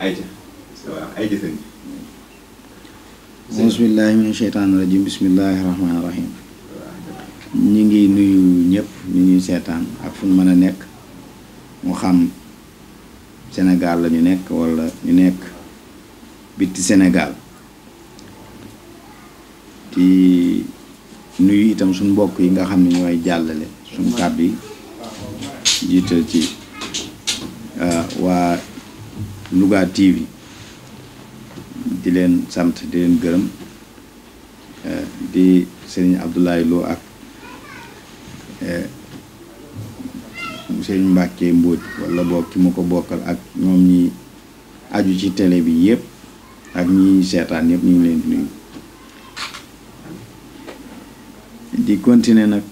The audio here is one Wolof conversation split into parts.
ayca waaw ayca sëñ bi auzu billaahi min sheytaani rajim bismillaahi rahmaani rahim ñi ngi nuyu ñëpp ñu ñuy seetaan ak fu ñu mën la ñu nekk walla ñu nekk bitti di nuyu itam suñ mbokk yi nga xam ne ñooy jàllale suñ kàddu yi jiital ci uh, waa Louga TV di leen sant di leen gërëm eh, di seen Abdoulaye Lo ak eh, sëriñ Mbàkke Mbóoj wala boog ki ko bokkal ak ñoom ñi aju ci télé bi yëpp ak ñi seetaan yëpp ñu ngi leen di nuyu di continuer nag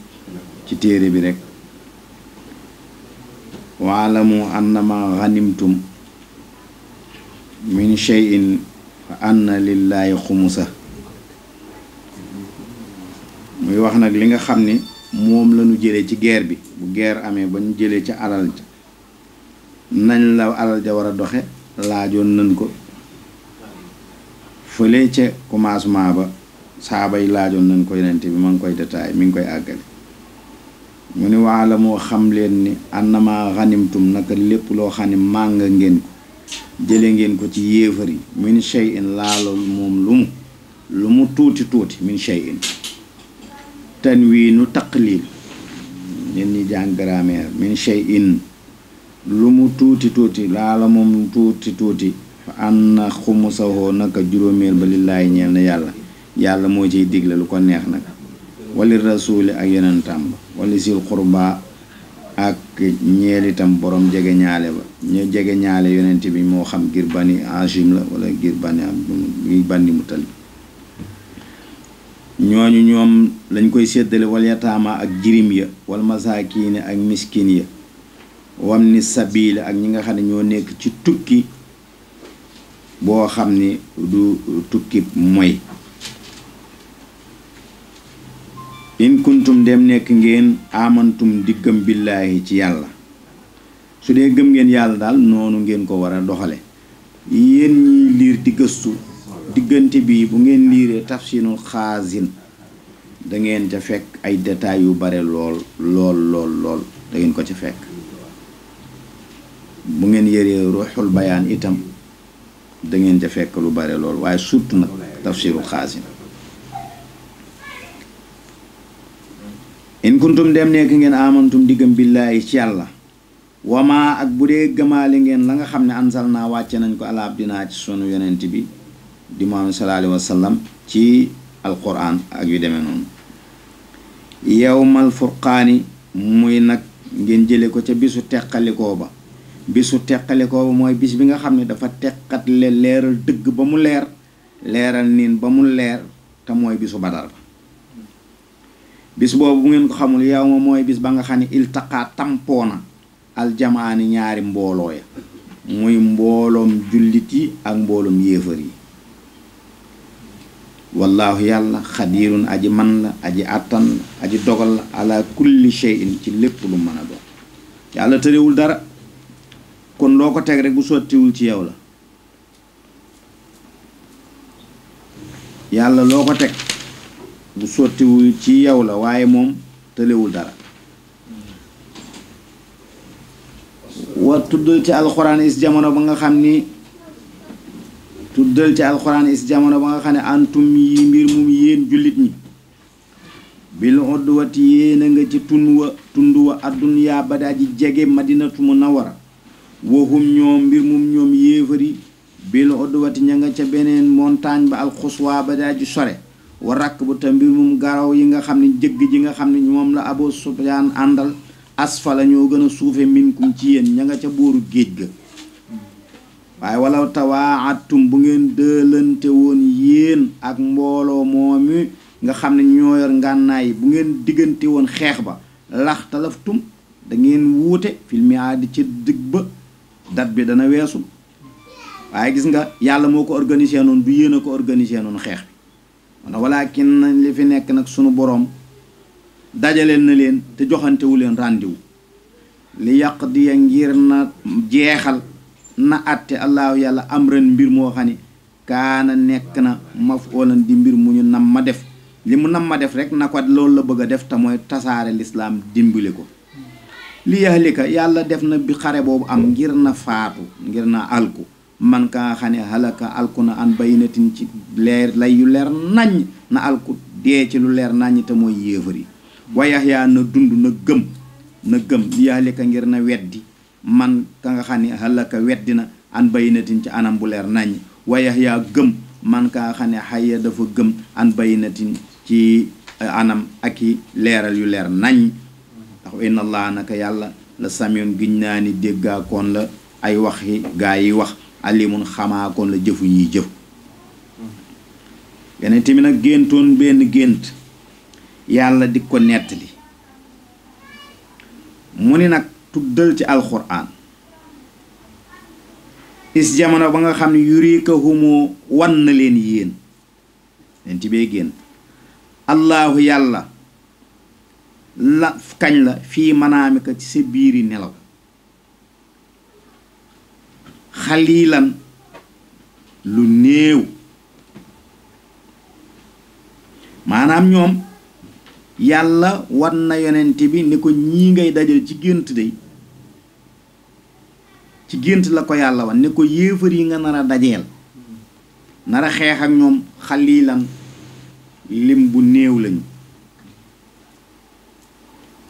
ci téere bi rek waalamu annama ghanimtum min cheyin fa anna lillaahi xumusa muy wax nag li nga xam ni moom la ñu jëlee ci geer bi bu geer amee ba ñu jëlee ca alal ja nañ la alal ja war a doxe laajoon nañ ko fële ca commencement ba saaba yi laajoon nañ ko yenente bi ma ngi koy détaillé mi ngi koy àggale mu ni waa la moo xam leen ni annama xanimtum nag lépp loo xam ne màng ngeen ko jële ngeen ko ci yéefar yi min shay'in laalul moom lu mu lu mu tuuti tuuti min shay'in tanwiinu taqlil ñen ñi jàng grammaire min shay'in lu mu tuuti tuuti laala moom tuuti tuuti fa xumu xumusahoo naka juróomeel ba lillaay ñeel na yàlla yàlla moo ciy digle lu ko neex nag wali rasuuli ak yeneen tàmb wali sil xurba ak ñeelitam boroom jege ñaale ba ñu jege ñaale yonent bi moo xam ngir bani Hashim la wala ngir bani ngir bani Muttalib ñooñu ñoom lañ koy seddale wal yataama ak jirim ya wal kiine ak miskin ya wam ni sabila ak ñi nga xam ne ñoo nekk ci tukki boo xam ni du tukki mooy in dem nekk ngeen amantum diggam billaahi ci yàlla su dee gëm ngeen yàlla daal noonu ngeen ko war a doxale yéen ñiy liir di gëstu diggante bi bu ngeen liiree tafsinul xaasin da ngeen ca fekk ay détails yu bare lool lool lool lool da ngeen ko ca fekk bu ngeen yëree ruuxul bayaan itam da ngeen ca fekk lu bare lool waaye surtout nag tafsirul xaasin in kuntum dem nekk ngeen amantum diggam billaahi ci yàlla wama ak bu dee gëmaale ngeen la nga xam ne ansal naa wàcce nañ ko ala dinaa ci sunu yonent bi di Muhammad sallallahu alayhi ci alquran ak yu demee noonu yowmal furqaani muy nag ngeen jële ko ca bisu teqalikoo ba bisu teqalikoo ba mooy bis bi nga xam ne dafa teqatle leeral dëgg ba mu leer leeral niin ba mu leer te mooy bisu badar ba bis boobu bu ngeen ko xamul yow ma mooy bis ba nga xam ne iltaqaa tampoona aljamaani ñaari mbooloo ya muy mbooloom jullit yi ak mbooloom yéefar yi wallaahu yàlla xadiirun aji man la aji àttan la aji dogal la ala kulli shay'in ci lépp lu mën a doon yàlla tërewul dara kon loo ko teg rek bu sottiwul ci yow la yàlla loo ko teg bu sottiwul ci yow la waaye moom tëlewul dara wa tuddal ci alxuraan is jamono ba nga xam ni tuddal ci alxuraan is jamono ba nga xam ne antum yi mbir mum yéen jullit ñi bil odduwati yéen nga ci tund wa tund wa addunyaa ba daa ji jege madinatu munawara waxum ñoom mbir mum ñoom yéefari bil odduwati ña nga ca beneen montagne ba alxuswaa ba daa ji sore wa rakk bu te mbir mum garaw yi nga xam ne jëgg ji nga xam ne moom la Abu Sufyaan àndal asfala ñoo gën a suufe minkum ci yéen ña nga ca booru géej ga waaye wala tawaatum bu ngeen dëlante woon yéen ak mbooloo moomi nga xam ne ñoo yor ngànnaay bu ngeen diggante woon xeex ba lax talaftum da ngeen wuute filmi aadi ci digg ba dat bi dana weesu waaye gis nga yàlla moo ko organisé noonu du yéen a ko organisé noonu xeex bi wala walakin li fi nekk nag sunu boroom dajaleel na leen te joxantewu leen rendez li yàq di ya ngir na jeexal na àtte allahu yàlla am ren mbir moo xam kaana nekk na ma olan di mbir mu ñu nam ma def li mu nam ma def rek na ko loolu la bëgg a def te mooy tasaare lislaam dimbali ko li yahlika yàlla def na bi xare boobu am ngir na faatu ngir na alku man ka nga halaka alku na an bayinatin ci leer lay yu leer naññ na alku dee ci lu leer naññ te mooy yéefar yi wayax yaxyaa na dund na gëm na gëm li ngir na weddi man ka nga xam ne halaka weddi an bayinatin ci anam bu leer naññ wa yaxyaa gëm man ka nga dafa gëm an bayinatin ci eh, anam ak i leeral yu leer nañ ndax inna allah naka yàlla la samiyoon giñ naa ni déggaakoon la ay waxi gaa yi wax alimun xamaakoon la jëfu ñuy jëf mm-hmm. yeneen tamit géntoon benn gént yàlla di ko nettali mu ni nag tuddal ci alxuraan is jamono ba nga xam ne yurika humu wan na leen yéen leen ci bee génn allahu yàlla la kañ la fii manaamika ci sa biiri nelaw xaliilan lu néew maanaam ñoom yàlla wan na yonent bi ni ko ñii ngay dajal ci gént day ci gént la ko yàlla wan ni ko yéefar yi nga nar a dajeel nar a xeex ak ñoom xalilan lim bu néew lañu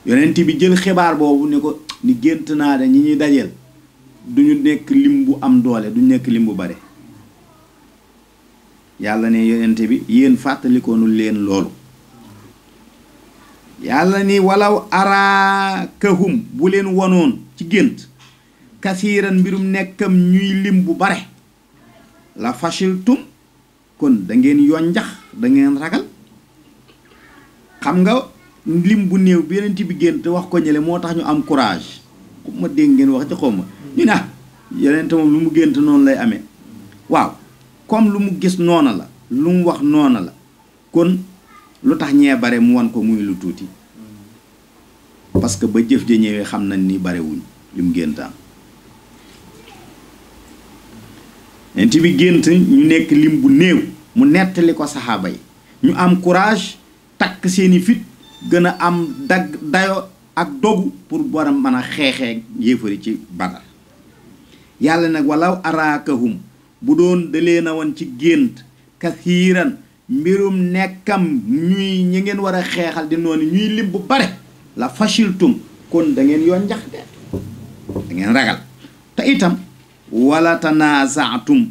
yonent bi jël xibaar boobu ni ko ni gént naa de ñi ñuy dajeel duñu nekk lim bu am doole duñu nekk lim bu bare yàlla ne yonent bi yéen fàttalikoonu leen loolu yàlla ni walaw araakahum bu leen wonoon ci gént kasiiran mbirum nekkam ñuy lim bu bare la fashiltum kon da ngeen yonjax da ngeen ragal xam nga lim bu néew bi yeneen bi gént wax ko ñële moo tax ñu am courage ku ma dégg ngeen wax ci xaw ma ñu ne ah yeneen moom lu mu gént noonu lay amee waaw comme lu mu gis noona la lu mu wax noona la kon lu tax ñee bare mu wan ko muy lu tuuti parce que ba jëf ja ñëwee xam nañ ni barewuñ lim géntaan nent bi gént ñu nekk lim bu néew mu nettali ko saxaaba yi ñu am courage takk seeni fit gën a am dagg dayo ak dogu pour war a mën a xeexee yéefari ci Badar yàlla nag walla araakahum bu doon da na woon ci gént kathiiran mbirum nekkam ñuy ñi ngeen war a xeexal di noonu ñuy lim bu bare la fashiltum kon da ngeen yoon njax de da ragal te itam wala tanaasatum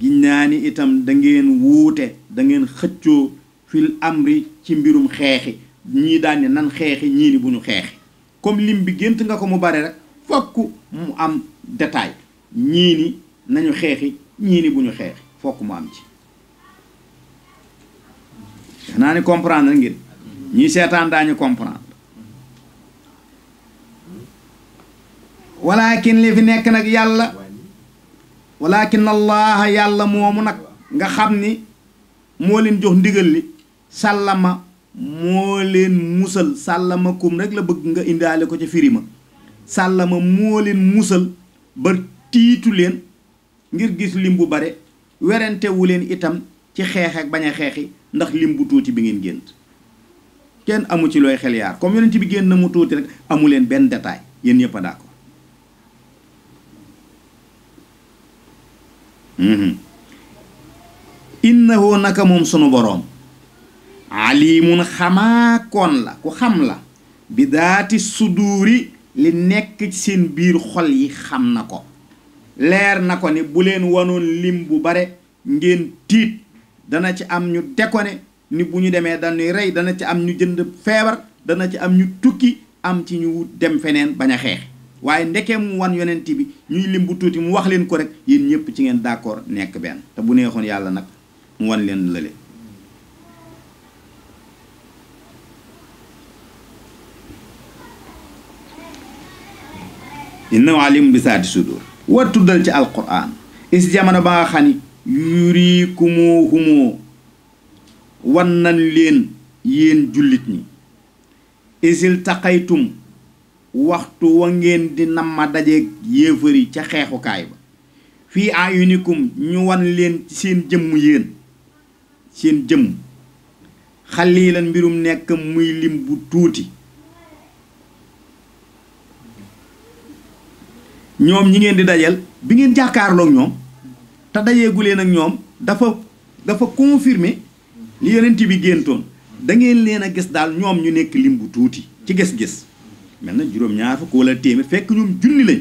giñ naa ni itam da ngeen wuute da xëccoo fil amri ci mbirum xeexi ñii daan nan xeexi ñii bu ñu xeexi comme lim bi gént nga ko mu bare rek fokk mu am détail ñii nañu xeexi ñii ni bu ñu xeexi fokk mu am ci naa ni comprendre ngir ñi seetaan daañu comprendre walakin li fi nekk nag yàlla walakin allah yàlla moomu nag nga xam ni moo leen jox ndigal li sàllama moo leen musal sàllama kum rek la bëgg nga indaale ko ca firima sàllama moo leen musal ba tiitu leen ngir gis lim bu bare werantewu leen itam ci xeex ak bañ a xeexi ndax lim bu tuuti bi ngeen gént kenn amu ci looy xel yaar comme bi génn na mu tuuti rek amu leen benn détail yéen ñëpp a d'accord mhm. innahu naka moom sunu boroom alimun xamaakoon la ku xam la bi daati suduuri li nekk ci seen biir xol yi xam na ko leer na ko ni bu leen lim bu bare ngeen tiit dana ci am ñu déconné ni bu ñu demee dañuy rey dana ci am ñu jënd feebar dana ci am ñu tukki am ci ñu dem feneen bañ xeex waaye ndekee mu wan yonent bi ñuy lim bu tuuti mu wax leen ko rek yéen ñépp ci ngeen d'accord nekk benn te bu neexoon yàlla nag mu wan leen lële di alim bi saati sudur war tuddal ci alquran is jamono ba nga xam ni yuriikumuhumoo wan nan leen yéen jullit ñi isil taqaytum waxtu wa ngeen di namma dajeeg yéefar ca xeexukaay ba fii ayunikum ñu wan leen ci seen jëmm yéen seen jëmm xalilan mbirum nekk muy lim bu tuuti ñoom ñi ngeen di dajal bi ngeen jàkkaarloog ñoom te dajeegu leen ak ñoom dafa dafa confirmer li yonent bi géntoon dangeen leen a gis daal ñoom ñu nekk lim bu tuuti ci gis-gis mel na juróom-ñaar fukk wala téeméer fekk ñu junni lañ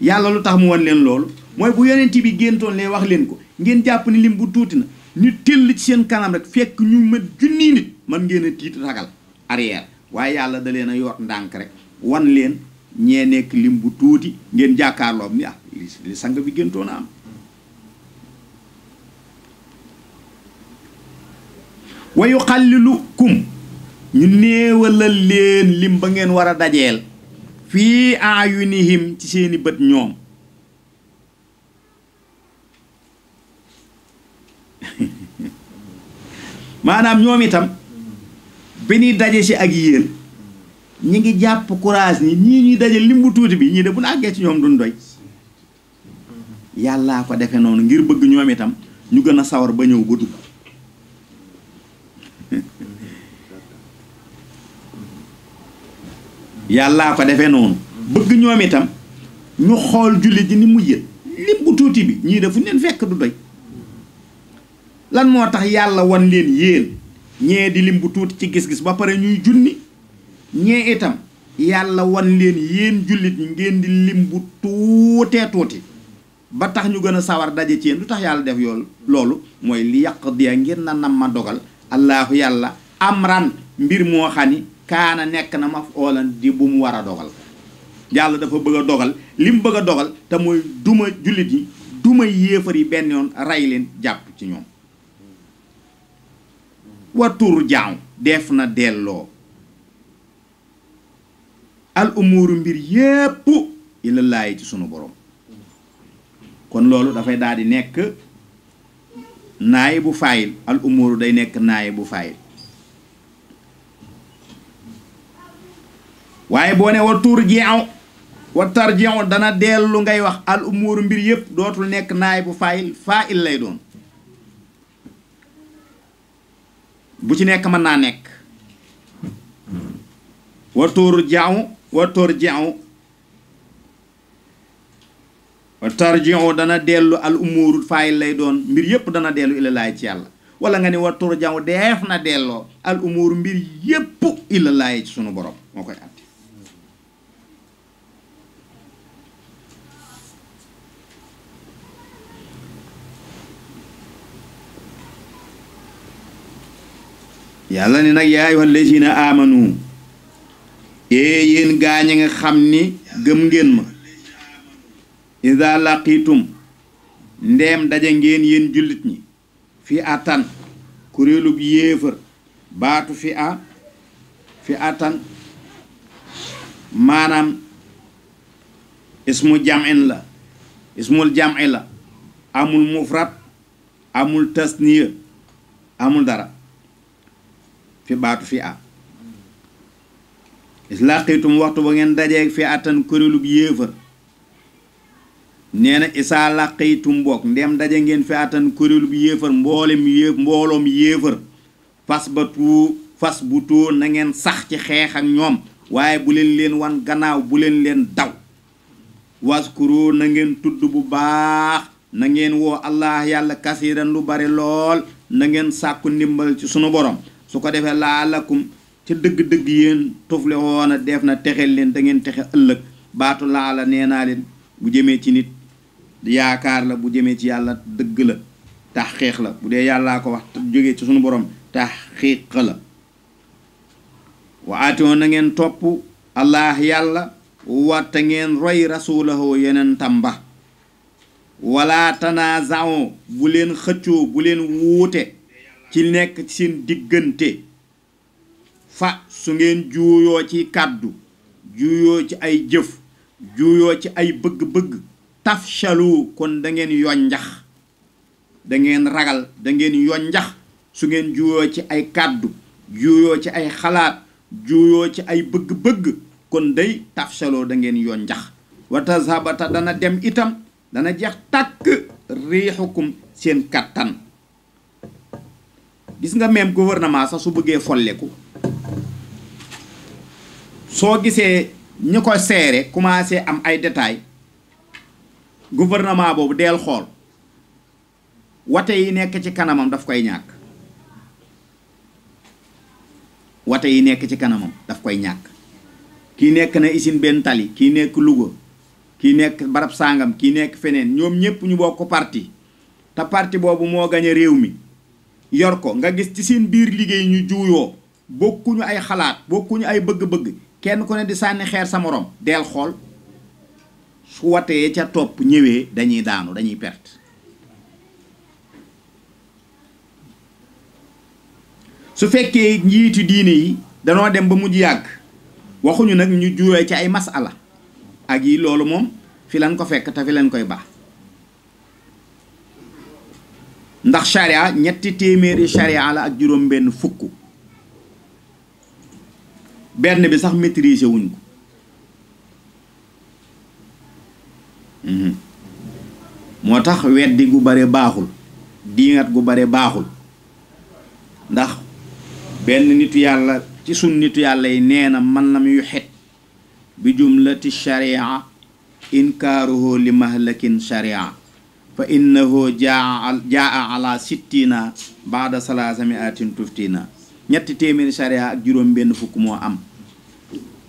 yàlla lu tax mu wan leen loolu mooy bu yonent bi géntoon lee wax leen ko ngeen jàpp ni lim bu tuuti na ñu tëll ci seen kanam rek fekk ñu ma junni nit man ngeen a tiit ragal arrière waaye yàlla da leen a yor ndànk rek wan leen ñee nekk lim bu tuuti ngeen jàkkaarloo am ah, li li sang bi gëntoon am wayu xallilu kum ñu néewalal leen lim ba ngeen war a dajeel fii ayunihim ci seeni bët ñoom maanaam ñoom itam bi ñuy daje si ak yéen ñi ngi jàpp courage ñi ñii ñuy daje lim bu tuuti bi ñii de bu ñu àggee ci ñoom duñ doy yalla ko defé non ngir bëgg ñoom itam ñu gëna sawar ba ñëw ba yalla yàllaa ko defee noonu bëgg ñoom itam ñu xol julli ji ni mu yé lepp tuuti bi ñi dafu ñen fekk du doy lan mo tax yalla won leen yeen ñe di limbu tuuti ci gis-gis ba paré ñuy junni ñe itam yalla won leen yeen ngeen di limbu tuuté tuuti ba tax ñu gën a sawar daje ci lu tax yàlla def yoolu loolu mooy li yàq dia ngir na nam ma dogal allaahu yàlla amran mbir moo xam kaana nekk na ma oolan di bu mu war a dogal yàlla dafa bëgg dogal li mu bëgg a dogal te mooy duma jullit yi duma yéefar yi benn yoon rey leen jàpp ci ñoom watur jaaw def na delloo al umuru mbir yépp ila ci sunu boroom kon loolu dafay daal di nekk naay bu faayil al umuru day nekk naay bu faayil waaye boo ne wa jeexu wa tarjeexu dana dellu ngay wax al umuru mbir yépp dootul nekk naay bu faayil faayil lay doon bu ci nekk mën naa nekk wa tur jeexu wa tur jeexu tarji'u dana delu al umur fay lay don mbir yep dana ila ilalaay ci yalla wala nga ne wa turja'u na al umur mbir ila ilalaay ci sunu borom moo atti yalla ni nak nag yaa lazina amanu e yéen gañ nga xamni ni ngeen ma ida laqiitum ndeem daje ngeen yéen jullit ñi fi a tan kuréelub yéefër baatu fi a fi a tan maanaam ismu jam'in la ismul jam'i la amul mufrat amul tasniya amul dara fi baatu fi a is laqiitum waxtu ba ngeen daje fi a tan kuréelub yéefër nee na isaa làqaytum bokk ndem daje ngeen fi atan kuréel bu yéefar mboolem yé mbooloom yéefar fas ba tuu fas bu tóo na ngeen sax ci xeex ak ñoom waaye bu leen leen wan gannaaw bu leen leen daw waskuro na ngeen tudd bu baax na ngeen woo allah yàlla kasiiran lu bare lool na ngeen sàkku ndimbal ci sunu borom su ko defee laalakum ci dëgg-dëgg yéen tufle def na texe leen da ngeen texe ëllëg baatu laala nee leen bu jëmee ci nit yaakaar la bu jëmee ci yàlla dëgg la taxqiq la bu dee yàllaa ko wax jógee ci sunu borom taxqiq la wa aatoon ngeen topp allah yàlla watta ngeen roy rasulahu yeneen tamba wala tanaazao bu leen xëccoo bu leen wuute ci nekk ci seen diggante fa su ngeen juuyoo ci kàddu juuyoo ci ay jëf juuyoo ci ay bëgg-bëgg tafshalu kon da ngeen yonjax da ngeen ragal da ngeen sungen su ngeen juyo ci ay kaddu juyo ci ay xalaat juyo ci ay bëgg-bëgg kon day tafshalo da ngeen yonjax wa tazhabata dana dem itam dana jeex tak rihukum sen katan gis nga même gouvernement sax su bëggee folleku soo gisee ñi ko seere commencé am ay détails gouvernement boobu deel xool wate yi nekk ci kanamam daf koy ñàkk wate yi nekk ci kanamam daf koy ñàkk kii nekk na isin benn tali kii nekk Louga kii nekk barab sangam ki nekk feneen ñoom ñépp ñu bokk parti te parti boobu moo gañe réew mi yor ko nga gis ci seen biir liggéey ñu juuyoo bokkuñu ay xalaat bokkuñu ay bëgg-bëgg kenn ku ne di sànni xeer sa moroom deel xool su watee ca topp da dañuy daanu dañuy perte su fekkee njiiti diine yi danoo dem ba mujj yàgg waxuñu nag ñu juyee ci ay masala ak yi loolu moom fi lañ ko fekk te fi lañ koy ba ndax sharia ñetti téeméeri sharia la ak juróom benn fukk benn bi sax maîtriser wuñ ko Mhm. moo tax weddi gu bare baaxul diingat gu bare baaxul ndax benn nitu yàlla ci sun nitu yàlla yi nee na man lam yu bi jumlati sharia inkaaruhu li mahlakin sharia fa innahu jaa jaa ala sittina baada salaasa miatin tuftina ñetti téeméeri sharia ak juróom benn fukk moo am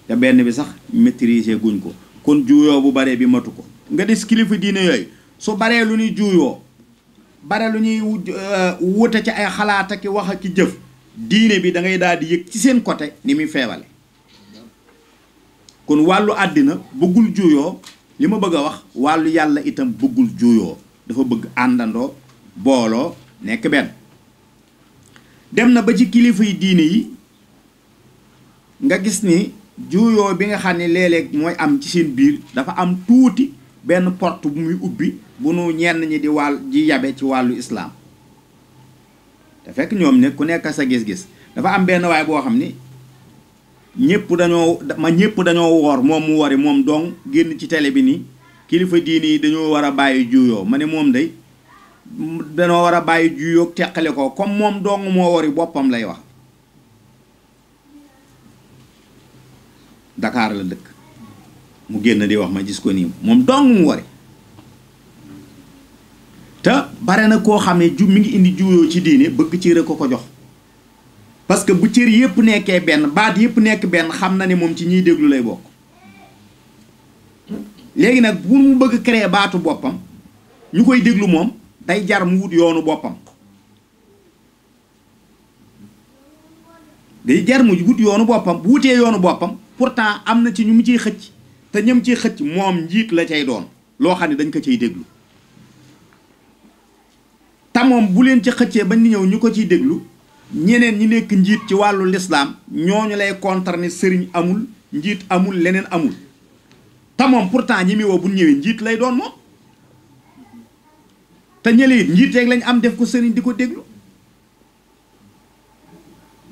te benn bi sax maîtriser guñ ko kon juuyoo bu bare bi matu ko nga des kilifa diine yooyu su baree lu ñuy juuyoo bare lu ñuy euh, wute ci ay xalaat ak wax ak jëf diine bi da ngay daal di yëg ci seen côté ni muy feebale kon wàllu àddina bëggul juuyoo li ma bëgg a wax wàllu yàlla itam bëggul juuyoo dafa bëgg àndandoo booloo nekk benn dem na ba ci kilifa yi diine yi nga gis ni juuyoo bi nga xam ne léeg mooy am ci seen biir dafa am tuuti benn porte bu muy ubbi bu nu ñenn ñi di wàll ji yabe ci wàllu islaam te fekk ñoom ne ku nekk sa gis-gis dafa am benn waay boo xam ni ñëpp dañoo ma ñëpp dañoo woor moom mu wari moom dong génn ci télé bi nii kilifa diini yi dañoo war a bàyyi juyoo ma ne moom day dañoo war a bàyyi juyoo teqale ko comme moom dong moo wari boppam lay wax Dakar la dëkk mu génn di wax ma gis ko nii moom dong mu ware te bare na koo xam ne ju mi ngi indi juuyoo ci diine bëgg cër a ko ko jox parce que bu cër yëpp nekkee benn baat yëpp nekk benn xam na ni moom ci ñuy déglu lay bokk léegi nag bu mu bëgg créer baatu boppam ñu koy déglu moom day jar mu wut yoonu boppam day jar mu wut yoonu boppam bu wutee yoonu boppam pourtant am na ci ñu mu ciy xëcc te ñëm ci xëcc moom njiit la cay doon loo xam ne dañ ko ciy déglu te moom bu leen ci xëccee bañ di ñëw ñu ko ciy déglu ñeneen ñi nekk njiit ci wàllu lislaam ñooñu lay contre ne sëriñ amul njiit amul leneen amul te moom pourtant ñi muy bu ñëwee njiit lay doon moom te ñële it njiit lañ am def ko sëriñ di ko déglu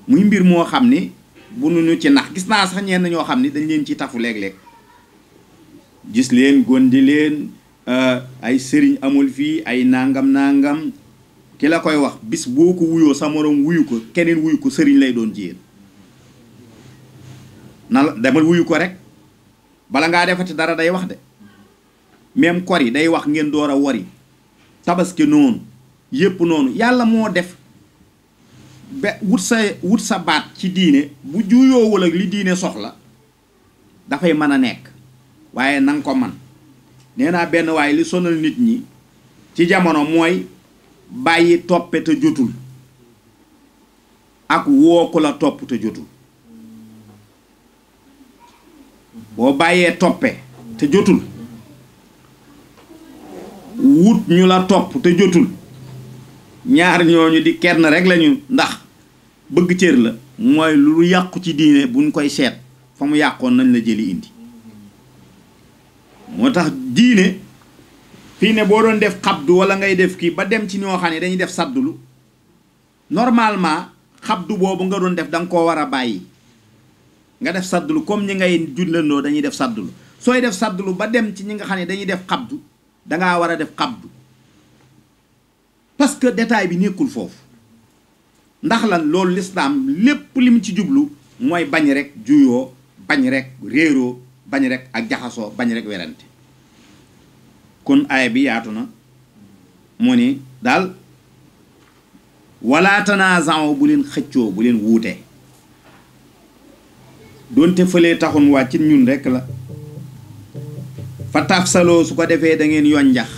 muy mbir moo xam ni bu nu ñu ci nax gis naa sax ñenn ñoo xam ni dañ leen ciy tafu léeg-léeg gis leen di leen euh, ay sëriñ amul fii ay nangam nangam ki la koy wax bis boo ko wuyoo sa moroom wuyu ko keneen wuyu ko sëriñ lay doon jiyéen na la demal wuyu ko rek bala ngaa defati dara day wax de même kor yi day wax ngeen door a wari tabaske noonu yépp noonu yàlla moo def be wut sa wut sa baat ci diine bu juuyoowul ak li diine soxla dafay mën a nekk waye nang ko man neena ben way li sonal nit ñi ci jamono moy bayyi toppe te jotul ak wo ko la top te jotul bo bayé toppe te jotul wut ñu la top te jotul ñaar ñoñu di kenn rek lañu ndax bëgg cër la moy lu yaq ci diiné buñ koy sét famu yaqoon nañ la jëli indi motax diine fi ne boo def xabdu wala ngay def ki ba dem ci ñoo xam ne dañuy def saddulu normalement xabdu boobu nga doon def da nga koo war a bàyyi nga def saddulu comme ñi ngay jullandoo dañuy def saddulu sooy def saddulu ba dem ci ñi nga xam dañuy def xabdu dangaa war a def xabdu parce que détail bi nekkul foofu ndax lan loolu l'islam lépp lim ci jublu mooy bañ rek juyoo bañ rek réeroo bañ rek ak jaxasoo bañ rek werante kon aaya bi yaatu na mu ni daal wala tanaza'u bu leen xëccoo bu leen wuute doonte fëlee taxun ci ñun rekk la fa tafsaloo su ko defee da ngeen yoon njax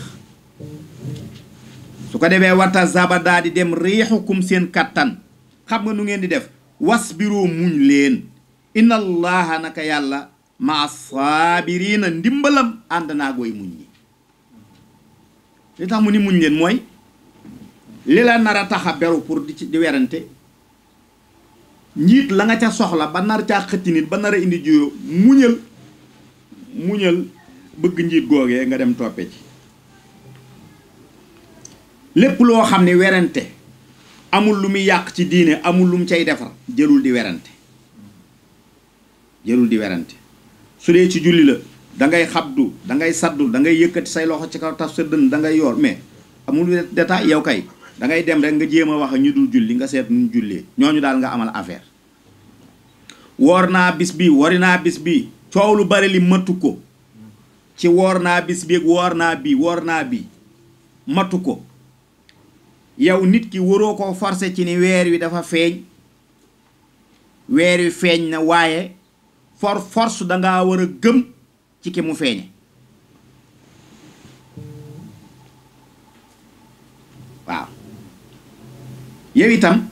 su ko defee wata zaba daa di dem riixukum seen kattan xam nga nu ngeen di def wasbiru muñ leen inna allaha naka yàlla ma sabirina ndimbalam andana goy e yi muñ li tax mu ni muñ moy li la nara taxa beru pour di di wérante njit la nga ca soxla ba nar ca xëtti nit ba nara indi juyo muñal muñal bëgg njit goge nga dem topé ci lepp lo xamni wérante amul lu mi yak ci diine amul lum cey defar jëlul di werante jëlul di werante su dee ci julli la dangay xabdu da ngay saddu da ngay yëkkati say loxo ci kaw taf sa dënn da ngay yor mais amul détail yow kay dangay dem rek nga jéem a wax ñu dul julli nga seet ñu jullee ñu daal nga amal affaire woor naa bis bi wori naa bis bi coow lu bari li matu ko ci woor naa bis bi woor naa bi woor naa bi matu ko yow nit ki waroo ko forcé ci ne weer wi dafa feeñ weer wi feeñ na waaye fors force danga war a gëm ci ki mu feeñe waaw yow itam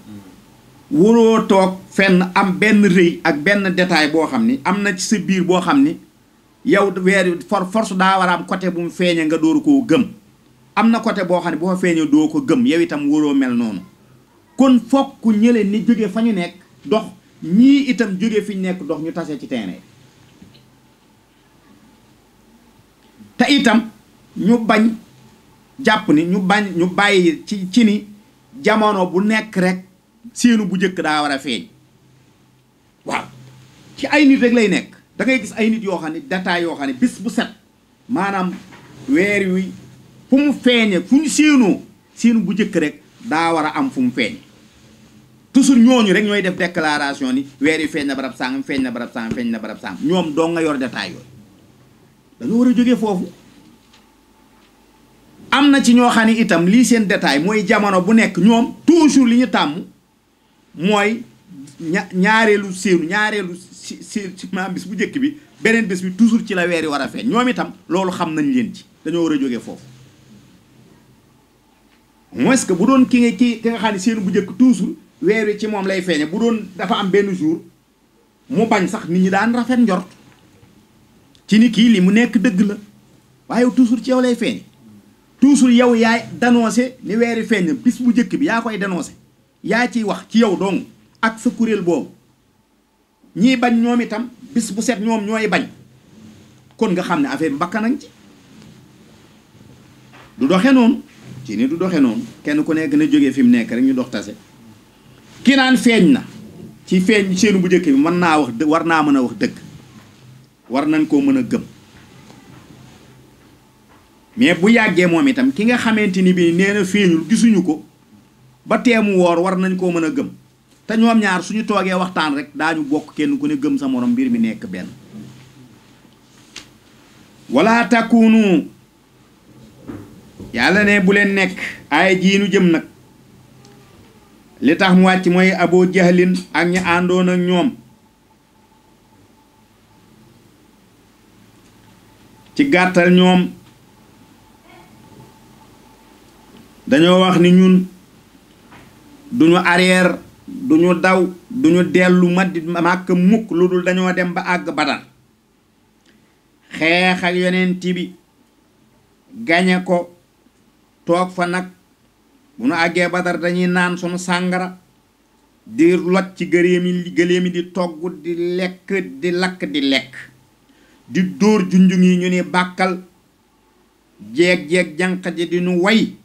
waroo toog fenn am benn rëy ak benn détail boo xam ni am na ci sa biir boo xam ni yow weer for force daa war a am côté bu mu feeñe nga dooru koo gëm am na côté boo xam ne bu fa feeñee doo ko gëm yow itam waroo mel noonu kon fokk ñële ni jóge fa ñu nekk dox ñii itam jóge fi ñu nekk ndox ñu tasee ci terrain te itam ñu bañ jàpp ni ñu bañ ñu bàyyi ci ci ni jamono bu nekk rek seenu bu njëkk daa war a feeñ waaw ci ay nit rek lay nekk da ngay gis ay nit yoo xam ne data yoo xam ne bis bu set maanaam weer wi fu mu feeñee fu ñu séenoo séenu bu njëkk rek daa war a am fu mu feeñ toujours ñooñu rek ñooy def déclaration ni weer yi feeñ na barab sàngam feeñ na barab sàngam feeñ na barab sàngam ñoom doo nga yor détail yooyu dañu war a jóge foofu am na ci ñoo xam ne itam lii seen détail mooy jamono bu nekk ñoom toujours li ñu tàmm mooy ña ñaareelu séenu ñaareelu si si maam bis bu njëkk bi beneen bis bi toujours ci la weeri war a feeñ ñoom itam loolu xam nañ leen ci dañoo war a jóge foofu mooy est bu doon ki nga ki nga xam ne séenu bu njëkk toujours weer ci moom lay feeñe bu doon dafa am benn jour mu bañ sax nit ñi daan rafet njort ci ni kii li mu nekk dëgg la waaye toujours ci yow lay feeñe toujours yow yaay dénoncé ni weeri feeñ bis bu njëkk bi yaa koy dénoncé yaa ciy wax ci yow dong ak sa kuréel boobu ñii bañ ñoom itam bis bu set ñoom ñooy bañ kon nga xam ne affaire bi bakkanañ ci du doxe noonu ci ni du doxe noonu kenn ku nekk na jóge fi mu nekk rek ñu dox tase ki naan feeñ na ci feeñ seenu bu njëkk bi mën naa wax war naa mën a wax dëkk war nañ koo mën a gëm mais bu yàggee moom itam ki nga xamante ni bii nee na feeñul gisuñu ko ba teemu woor war nañ koo mën a gëm te ñoom ñaar suñu toogee waxtaan rek daañu bokk kenn ku ne gëm sa morom mbir mi nekk benn wala takunu yàlla ne bu leen nekk aaya jii nu jëm nag li tax mu wàcc mooy abu jahlin ak ñi àndoon ak ñoom ci gàttal ñoom dañoo wax ni ñun duñu arrière duñu daw duñu dellu maddi màkk mukk lu dul dañoo dem ba àgg badar xeex ak yonent bi gañe ko toog fa nag bu nu àggee badar dañuy naan sunu sàngara di loj ci gëléem yi gëléem yi di togg di lekk di lakk di lekk di dóor junjung yi ñu ni bàkkal jeeg-jeeg jànq ji di nu way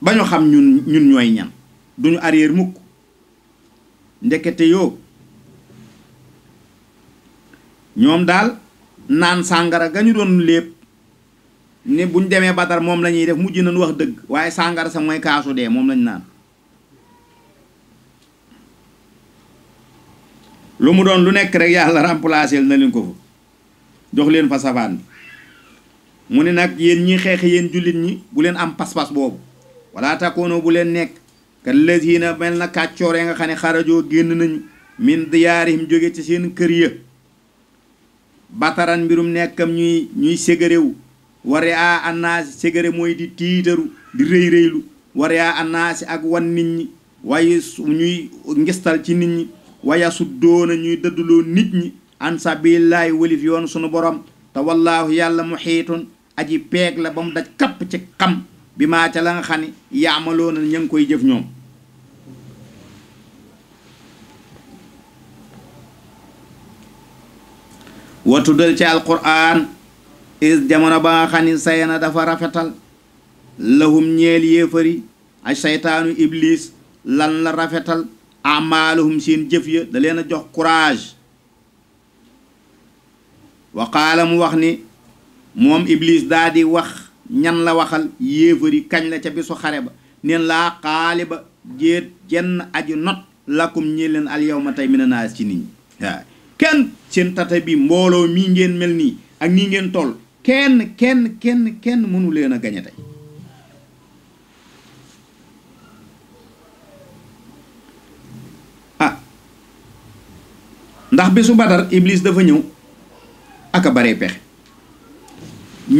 ba ñu xam ñun ñooy ñan duñu arrière mukk ndekete yoo ñoom daal naan sàngara ga ñu doon lépp ni buñ demee Badar moom lañuy def mujj nañ wax dëgg waaye sàngara sa mooy kaasu dee moom lañ naan lu mu doon lu nekk rek yàlla remplacé na leen ko fa jox leen fa safaan bi mu ne nag yéen ñi xeex yéen jullit ñi bu leen am pas-pas boobu wala takoonoo bu leen nekk kat lazina mel na kàccooree nga xam ne xarajoo génn nañu min mu jóge ci seen kër ya bataran mbirum nekkam ñuy ñuy ségaréwu ware a annaasi segere mooy di tiitaru di rëy ware a annaasi ak wan nit ñuy ngistal ci nit ñi waya su ñuy dëdduloo nit ñi an sabilillahi wëlif yoon sunu borom te wallaahu yàlla mu xiitun aji peeg la ba mu daj kapp ci xam bi maa ca la nga koy jëf ñoom wa tuddal ci alquran is jamono ba nga xam ni sayana dafa rafetal lahum ñeel yéefari ay saytaanu iblis lan la rafetal amaaluhum seen jëf ya da leen a jox courage wa qaala mu wax ni moom iblis daa di wax ñan la waxal yéefari kañ la ca bisu xare ba neen laa xaali ba jéet jenn aju not lakum ñi leen al yow ma tey mina naas ci nit ñi waaw kenn seen tata bi mbooloo mii ngeen mel nii ak nii ngeen toll Ken ken ken ken munu leena gagné tay ah ndax bisu badar iblis dafa ñew aka bare pex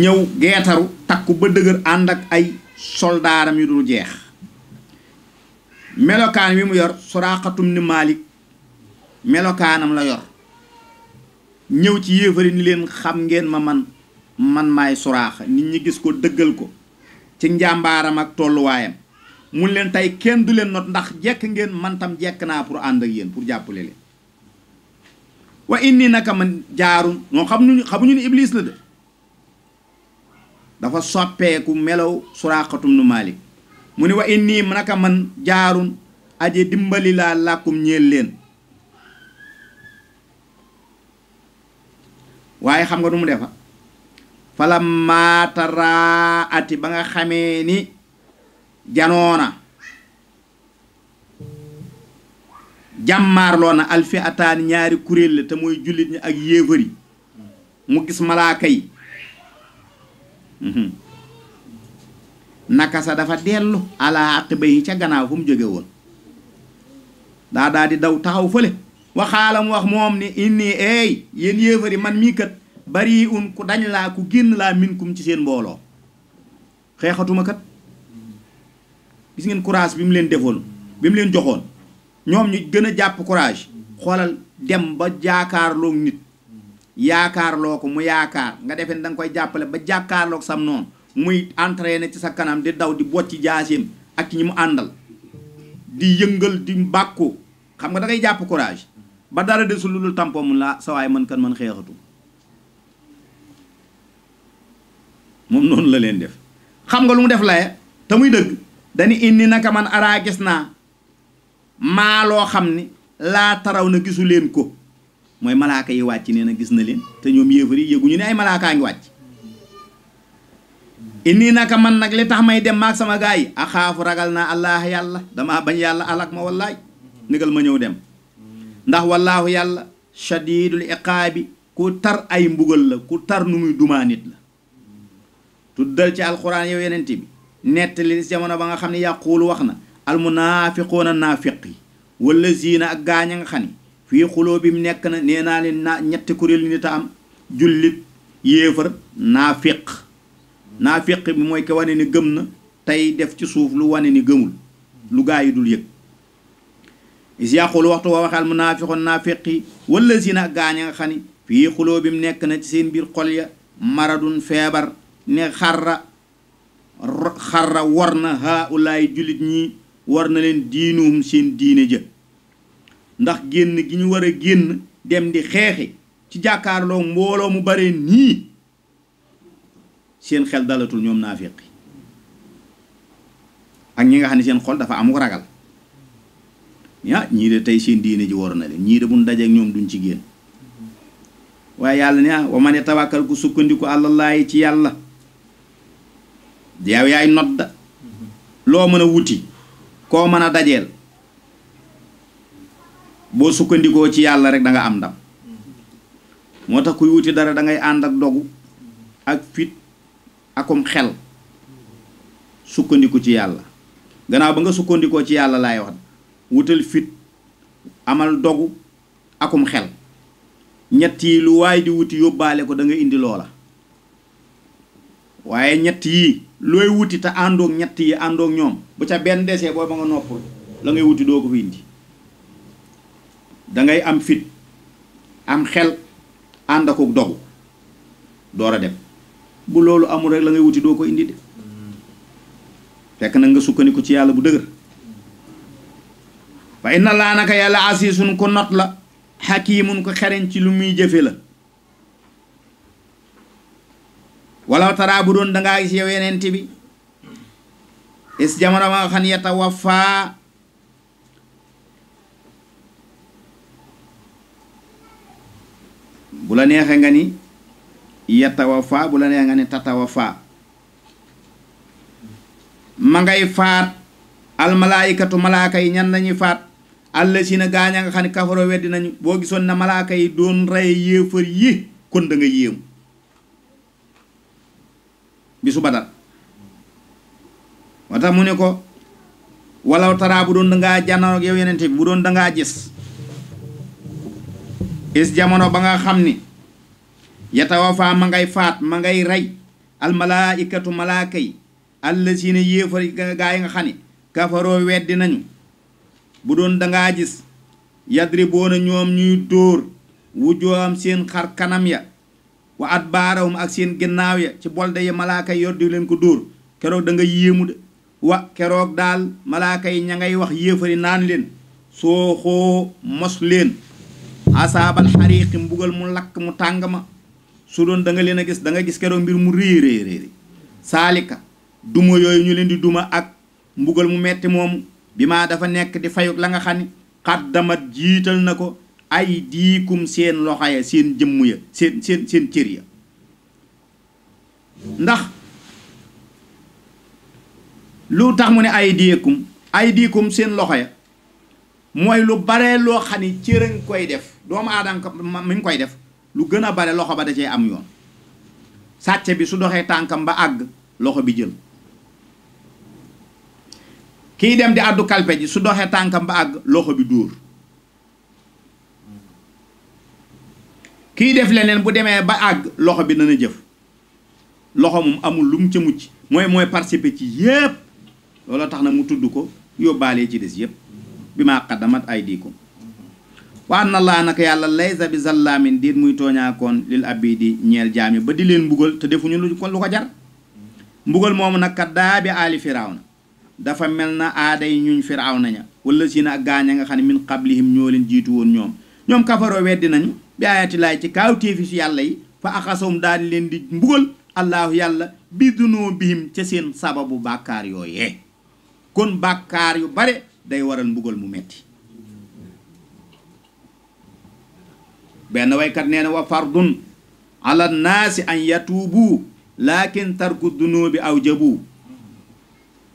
ñew geetaru takku ba andak ay soldaram yu dul jeex melokan wi mu yor suraqatum ni malik melokanam la yor ñew ci yeufari ni len xam ngeen ma man man maay suraaxa nit ñi gis ko dëggal ko ci njàmbaaram ak tolluwaayam mun leen tey kenn du leen not ndax jekk ngeen man jekk naa pour ànd ak yéen pour jàppale leen wa inni naka man xam nu xamuñu ni iblis dafa soppeeku melaw suraaxatum nu mu ni wa inni naka man jaarun aje dimbali laa làkkum ñeel leen waaye xam nga nu mu defa falam maatara ati ba nga xamee ni janoona jàmmaarloo na alfi ataan ñaari kuréel la te jullit ñi ak yéefar yi mu gis malaaka yi mhm. dafa dellu ala àq bay ca gannaaw fu mu jóge woon daw taxaw fële waxaalam wax moom ni inni eey eh, yéen yéefar man mii kat bari un ku dañ laa ku génn laa minkum ci seen mbooloo xeexatuma kat gis ngeen courage bi mu leen defoon bi mu leen joxoon ñoom ñu gën a jàpp courage xoolal dem ba jaakaarloog nit yaakaarloo ko mu yaakaar nga defee da nga koy jàppale ba jàkkaarloog sam noonu muy entraîné ci sa kanam di daw di bot ci jaaseem ak ñi mu àndal di yëngal di bàkku xam nga dangay jàpp courage ba dara desul lu dul tampon mu laa sa waay man kan man xeexatu moom noonu la leen def xam nga lu mu def laye te muy dëgg dañu indi naka man araa gis naa maa loo xam ni laa taraw na gisu leen ko mooy malaaka yi wàcc nee na gis na leen te ñoom yéefar yi yëguñu ne ay malaakaa ngi wàcc inni naka man nag li tax may dem maag sama gars yi a xaafu ragal naa allah yàlla damaa bañ yàlla alak ma wallaay ndigal ma ñëw dem ndax wallaahu yàlla shadidul iqaabi ku tar ay mbugal la ku tar nu muy dumaa nit la tuddal ci alquran yow yenent bi nettali jamono ba nga xam ne yàquulu wax na almunaafiquuna naafiq yi wala ziina ak gaañ a nga xam ne fii xuloo bi mu nekk na nee naa leen na ñetti kuréel yi nita am jullit yéefar naafiq naafiq bi mooy ke wane ni gëm na def ci suuf lu wane ni gëmul lu gaa dul yëg is yàqulu waxtu wa waxe almunaafiquuna naafiq yi wala nga xam ne fii xuloo na ci seen biir xol ya maradun feebar ne xarra xarra warna ha haulaay julit ñi war na leen diinuhum seen diine ja ndax génn gi ñu war a génn dem di xeexi ci jàkkaarloo mbooloo mu bare nii seen xel dalatul ñoom naafiqi ak ñi nga xam ne seen xol dafa amuk ragal ya ñii de tey seen diine ji war na leen ñii de buñ dajeeg ñoom duñ ci génn waaye yàlla ne wa man tawakkal ku sukkandiku àllallaay ci yàlla yow yaay nodda loo mën a wuti koo mën a dajeel boo sukkandikoo ci yàlla rek da nga am ndam moo kuy wuti dara da ngay ànd ak dogu ak fit akum xel sukkandiku ci yàlla gannaaw ba nga sukkandikoo ci yàlla laay wax wutal fit amal dogu akum xel ñett yi lu waay di wuti yóbbaale ko da nga indi loola waaye ñett looy wuti te àndoog ñett yi àndoog ñoom bu ca benn desee booy ba nga noppul la ngay wuti doo ko fi indi dangay am fit am xel ànd akuk dogu door a dem bu loolu amul rek la ngay wuti doo ko indi de fekk na nga sukkandiku ci yàlla bu dëgër waaye na laa naka yàlla asiisun ko not la xakiimun ko xereñ ci lu muy jëfe la wala taraa bu doon da ngaa gis yow yeneen bi is jamono ma nga xam yata wafa bu la neexee nga ni yata bu la neexee nga ni tata wafa ma ngay faat almalaayikatu malaaka yi ñan lañuy faat àll si na gaaña nga xam ne kafaro weddi nañu boo gisoon na malaaka yi doon rey yéefar yi kon danga nga bisu badar moo tax mu ne ko walla taraa bu doon dangaa jànnoo ak yow yeneen bi bu doon dangaa gis is jamono ba nga xam ni yatawa faa ma ngay faat ma ngay rey almalaikatu malaaka yi allasiina yéefar gaa yi nga xam ne kafaroo weddi nañu bu doon dangaa gis yadri boona ñoom ñuy dóor wujjoom seen xar kanam ya wa at baarahum ak seen gannaaw ya ci bolde yi malaaka yi yor di leen ko dóor keroog danga nga yéemu de wa keroog daal malaaka yi ña ngay wax yéefari naan leen sooxoo mos leen asaabal xariiqi mbugal mu lakk mu tàng ma su doon danga leen a gis danga gis keroog mbir mu réy réy saalika duma yooyu ñu leen di duma ak mbugal mu metti moomu bi ma dafa nekk di fayuk la nga xam ni xaddamat jiital na ko ay di kum sen ya sen jëmm ya sen sen sen cër ya ndax lu tax mu ne ay kum ay di kum sen ya moy lu bare lo xani ni cërëng koy def doomu ada mi min koy def lu gëna bare loxo ba da ci am yoon satte bi su doxé tankam ba ag loxo bi jël ki dem di addu kalpe ji su doxé tankam ba ag loxo bi dur kiy def leneen bu demee ba àgg loxo bi dana jëf loxo moom amul lu mu ca mucc mooy mooy participer ci yépp looloo tax na mu tudd ko yóbbaalee ci des yépp bi maa qaddamat ay diikum wa anna allah naka yàlla laysa bi zallaamin diit muy tooñaakoon lil abidi ñeel jaam yi ba di leen mbugal te defuñu lu ko jar mbugal moomu nag kat bi aali firawna dafa mel na aaday ñuñ firawna ña wala si na gaañ a nga xam ne min qablihim ñoo leen jiitu woon ñoom ñoom kafaroo bi ayati lay ci tv ci yalla yi fa akhasum dal len di mbugal Allah yalla bi bihim ci sen sababu bàkkaar ye kon bakar yu bare day waral mbugal mu metti ben way kat neena wa fardun ala naasi an yatubu, lakin tarku dunoobi aw jabu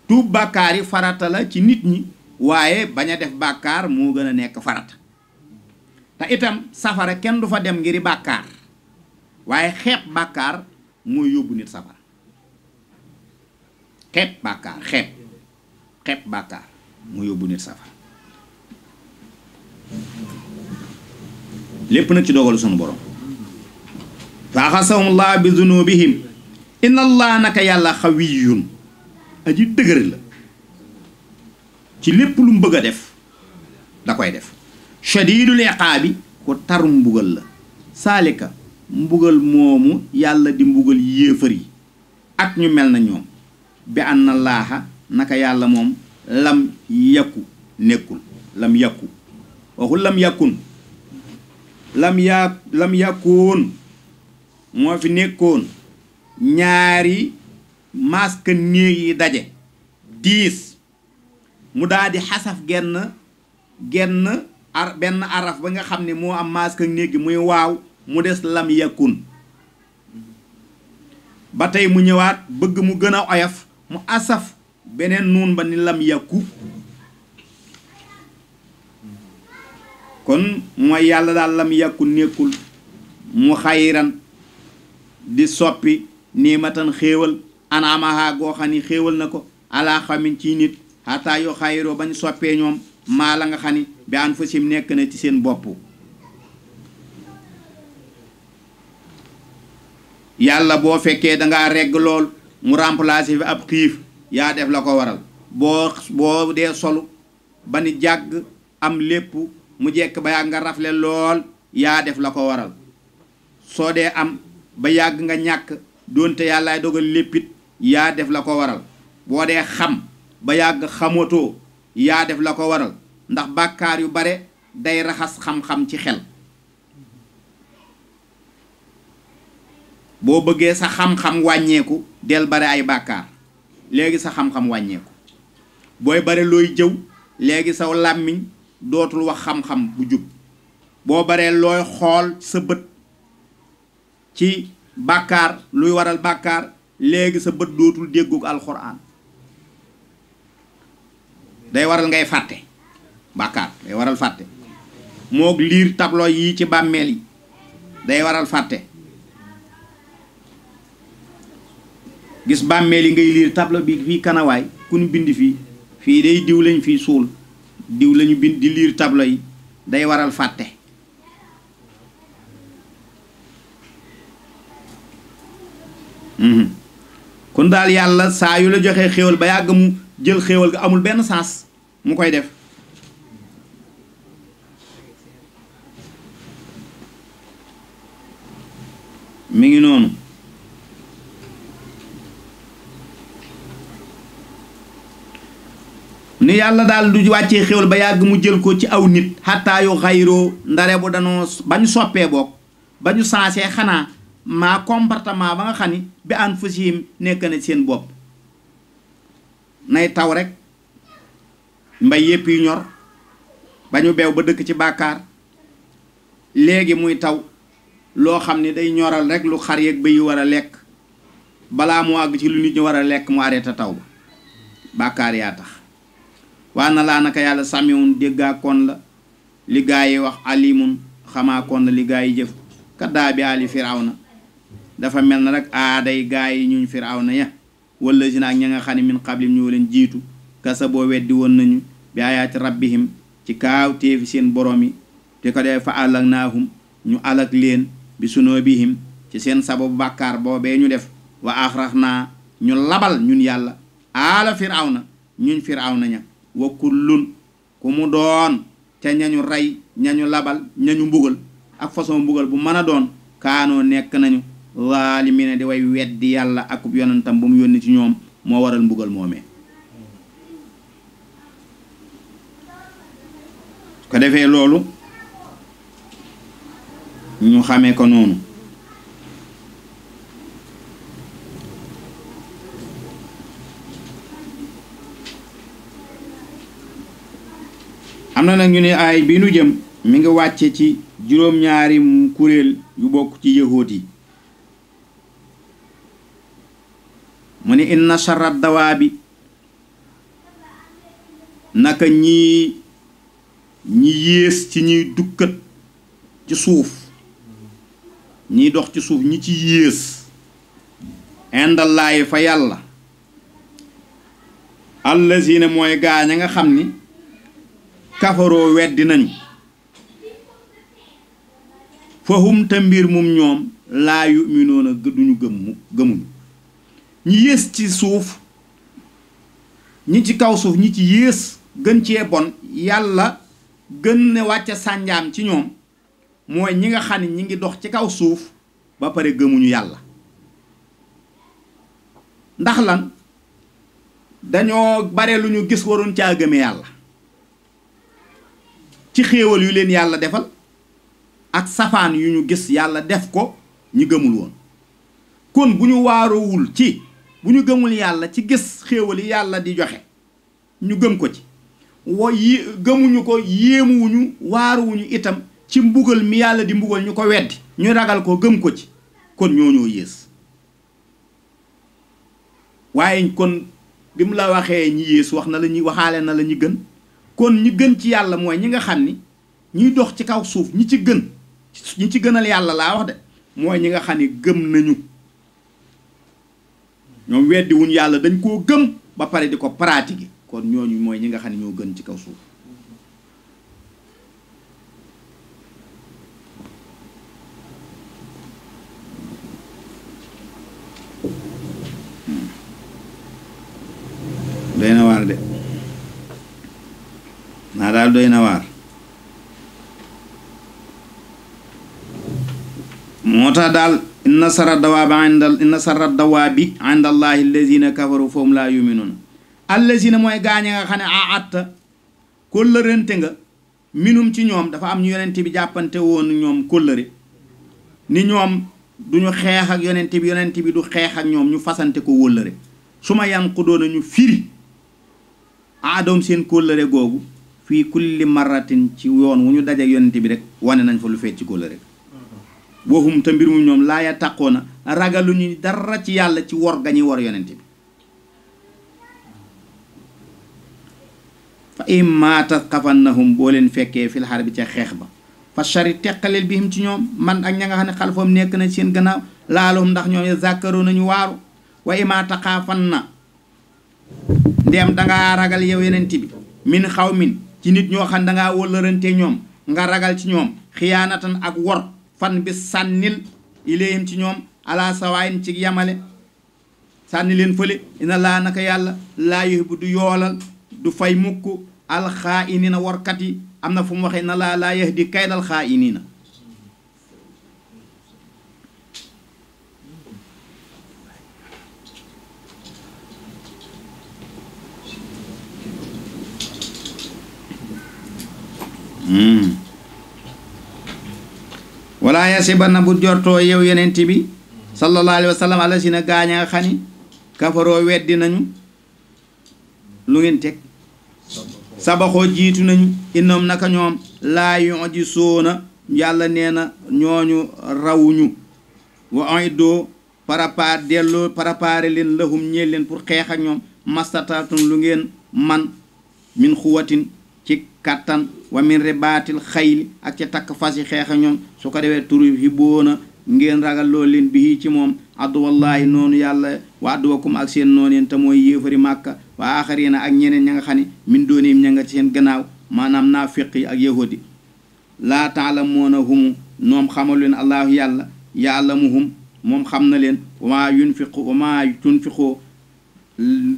tuub bàkkaar farata la ci nit ñi waye baña def bakar mo gëna nek farata te itam safara kenn du fa dem ngir bàkkaar waaye xeeb bàkkaar mooy yóbbu nit safara xeeb bàkkaar xeeb xeeb bàkkaar mooy yóbbu nit safara lépp nag ci dogalu sunu borom fa axasahumullah bi zunubihim inna allah naka yàlla xawiyun aji dëgër la ci lépp lu mu bëgg a def da koy def shadidul iqaabi ku tar mbugal la saalika mbugal moomu yàlla di mbugal yéefar yi ak ñu mel na ñoom bi an na laaxa naka yàlla moom lam yakku nekkul lam yakku waxul lam yakkun lam ya moo fi nekkoon ñaari masque néeg yi daje diis mu daldi di xasaf genn genn ar benn araf ba nga xam ne moo am maas ak néeg gi muy waaw mu des lam yakun ba tey mu ñëwaat bëgg mu gën a oyof mu asaf beneen nuun ba ni lam yakku kon mooy yàlla daal lam yakku nekkul mu xayiran di soppi nii matan xéewal anaamaha goo xam xéewal na ko alaa xamin ci nit xataa yu xayiroo bañ soppee ñoom maa la nga xam bi an fusim nekk na ci seen bopp yàlla boo fekkee danga regg lool mu remplacer fi ab xiif yaa def la ko waral boo boo dee solu ba ni jàgg am lépp mu jekk ba yàgg nga rafle lool yaa def la ko waral soo dee am ba yàgg nga ñàkk doonte yàllaay dogal léppit yaa def la ko waral boo dee xam ba yàgg xamatoo yaa def la ko waral ndax bakar yu bare day raxas xam-xam ci xel bo beugé sa xam-xam wañéku del bare ay bakar, légui sa xam-xam wañéku boy bare loy jëw légui sa lamiñ dootul wax xam-xam bu jub bo bare loy xol sa beut ci bakar luy waral bakar légui sa beut dootul déggu alcorane day waral ngay fàtte bàkkaar day waral fàtte liir tablo yi ci bàmmeel yi day waral fàtte gis bàmmeel yi ngay liir tablo bi fii kanawaay ku ñu bind fii fii day diw lañ fii suul diw lañu bind di liir tablo yi day waral fàtte kon daal yàlla saa yu la joxee xéewal ba yàgg mu jël xéewal ga amul benn sens mu koy def mi ngi noonu ni yàlla daal du wàccee xéwal ba yàgg mu jël ko ci aw nit xattaa yu xayroo ndare bu danoo ba ñu soppee boog ba ñu saasee xanaa maa comportement ba nga xam bi an fusihim nekk na seen bopp nay taw rekk mbay yépp yu ñor ba ñu beew ba dëkk ci bàkkaar léegi muy taw loo xam ne day ñoral rek lu xar yeeg bëy yi war a lekk balaa mu àgg ci lu nit ñi war a lekk mu arrêté taw ba bàkkaar yaa tax waa na laa naka yàlla sàmmiwun déggaakoon la li yi wax alimun xamaakoon la li yi jëf kaddaa bi ali firawna dafa mel na rek aaday gaa yi ñuñ firawna ya wala si naag ña nga xam min xablim ñoo leen jiitu kasa boo weddi woon nañu bi ayaati rabbihim ci kaaw téefi seen borom yi te ko dee fa alak naahum ñu alak leen bi sunoo bihim ci seen sababu bàkkaar boobee ñu def wa axrax naa ñu labal ñun yàlla ala aala firawna ñun firawna ña wa kullun ku mu doon te ñañu rey ñañu labal ñañu mbugal ak façon mbugal bu mën a doon kaanoo nekk nañu zaalimina di way weddi yàlla akub yonentam bu mu yónni ci ñoom moo waral mbugal moomee ko defee loolu ñu xamee ko noonu am na nag ñu ne aay bi nu jëm mi ngi wàcce ci juróom-ñaari kuréel yu bokk ci yahuut yi mu ne inna charra dawaa bi naka ñi ñi yées ci ñuy dukkat ci suuf ñiy dox ci suuf ñi ci yées indallaayi fa yàlla allazina mooy gaañ a nga xam ni kafaroo weddi nañu fahum te mbir mum ñoom laa yuminoona duñu gëmmu gëmuñu ñi yées ci suuf ñi ci kaw suuf ñi ci yées gën cee bon yàlla gën ne wàcce sànjaam ci ñoom mooy ñi nga xam ne ñi ngi dox ci kaw suuf ba pare gëmuñu yàlla ndax lan dañoo bare lu ñu gis waroon caa gëme yàlla ci xéewal yu leen yàlla defal ak safaan yu ñu gis yàlla def ko ñi gëmul woon kon bu ñu waaroowul ci bu ñu gëmul yàlla ci gis xéewal yi yàlla di joxe ñu gëm ko ci wa yi gëmuñu ko yéemuwuñu waaruwuñu itam ci mbugal mi yàlla di mbugal ñu ko weddi ñu ragal ko gëm ko ci kon ñoo ñoo yées waaye kon bi mu la waxee ñi yées wax na lañuy waxaale na la ñu gën kon ñi gën ci yàlla mooy ñi nga xam ni ñuy dox ci kaw suuf ñi ci gën ñi ci gënal yàlla laa wax de mooy ñi nga xam ni gëm nañu ñoom weddi wuñ yàlla dañ koo gëm ba pare di ko pratiquer kon ñooñu mooy ñi nga xam ne ñoo gën ci kaw suuf doy na waar de naa daal doy na waar moo tax daal inna sarra dawaaba inda inna sarra dawaabi inda allahi allazina kafaru fahum laa yuminuuna allazina mooy gaañe nga xam ne a atta kóllërante nga minum ci ñoom dafa am ñu yonent bi jàppante woon ñoom kóllëre ni ñoom du ñu xeex ak yonent bi yonent bi du xeex ak ñoom ñu fasante ko wóllëre su ma yanqudoona ñu firi aadoom seen kóllëre googu fii kulli maratin ci yoon wu ñu daje yonente bi rek wane nañ fa lu feet ci kóllëre waxum te mbir mu ñoom laaya taqoo na ragaluñu dara ci yàlla ci wor ga ñuy war yonente bi fa imma tasqafannahum boo leen fekkee fil xar bi ca xeex ba fa shari teqaleel bihim ci ñoom man ak ña nga xam ne foom nekk nañ seen gannaaw laalum ndax ñoom ya zàkkaroo nañu waaru wa imma taqaafan na ndeem dangaa ragal yow yenent bi xaw min ci nit ñoo xam danga wëllërante ñoom nga ragal ci ñoom xiyaanatan ak wor fan bi sànnil ilayhim ci ñoom ala sawaayin ci yamale sànni leen fële ina laa naka yàlla laa yuhibbu du yoolal du fay mukk alxaa na workat yi am na fu mu waxee na laa laa di kaydal xaa na Hmm. wala yasibanna bu jortoo yow yonent bi sallallahu alayhi wa sallam ala si xani kafaroo weddi nañu lu ngeen teg sabaxoo jiitu nañu innoom naka ñoom laa yon ji sóona yàlla nee na ñooñu rawuñu wa oydoo parapar delloo parapare leen lahum ñeel leen pour xeex ak ñoom mastataatum lu ngeen man min xuwatin ci kàttan wa min ribaatil xayli ak ci takk fas yi xeex ñoom su ko defee turu hiboona ngeen ragal loolu leen bi ci moom addu wallaahi noonu yàlla wa adduwakum ak seen noonu yéen te mooy yéefari màkka wa axarina ak ñeneen ña nga xam ne min doonim ña nga seen gannaaw maanaam naafiq yi ak yahudi laa taalamuuna humu noom xamal leen allahu yàlla yaalamuhum moom xam na leen wamaa yunfiqu wamaa tunfiqoo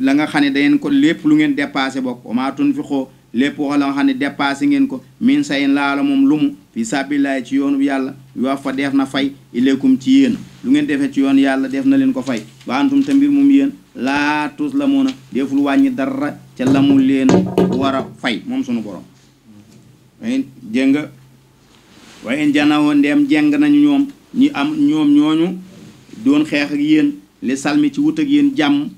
la nga xam ne dangeen ko lépp lu ngeen dépassé bokk wamaa tunfiqoo lépp wax la nga xam ne dépassé ngeen ko min sayin laa la moom lu mu fi sàbbilaay ci yoonu yàlla a fa def na fay ileekum ci yéen lu ngeen defee ci yoon yàlla def na leen ko fay wa antum te mbir moom yéen laa tus la moon a deful wàññi dara ca la mu leen war a moom sunu borom jëng nga waaye in jeng nañu ñoom ñi am ñoom ñooñu doon xeex ak yéen li salmi ci wut ak yéen jàmm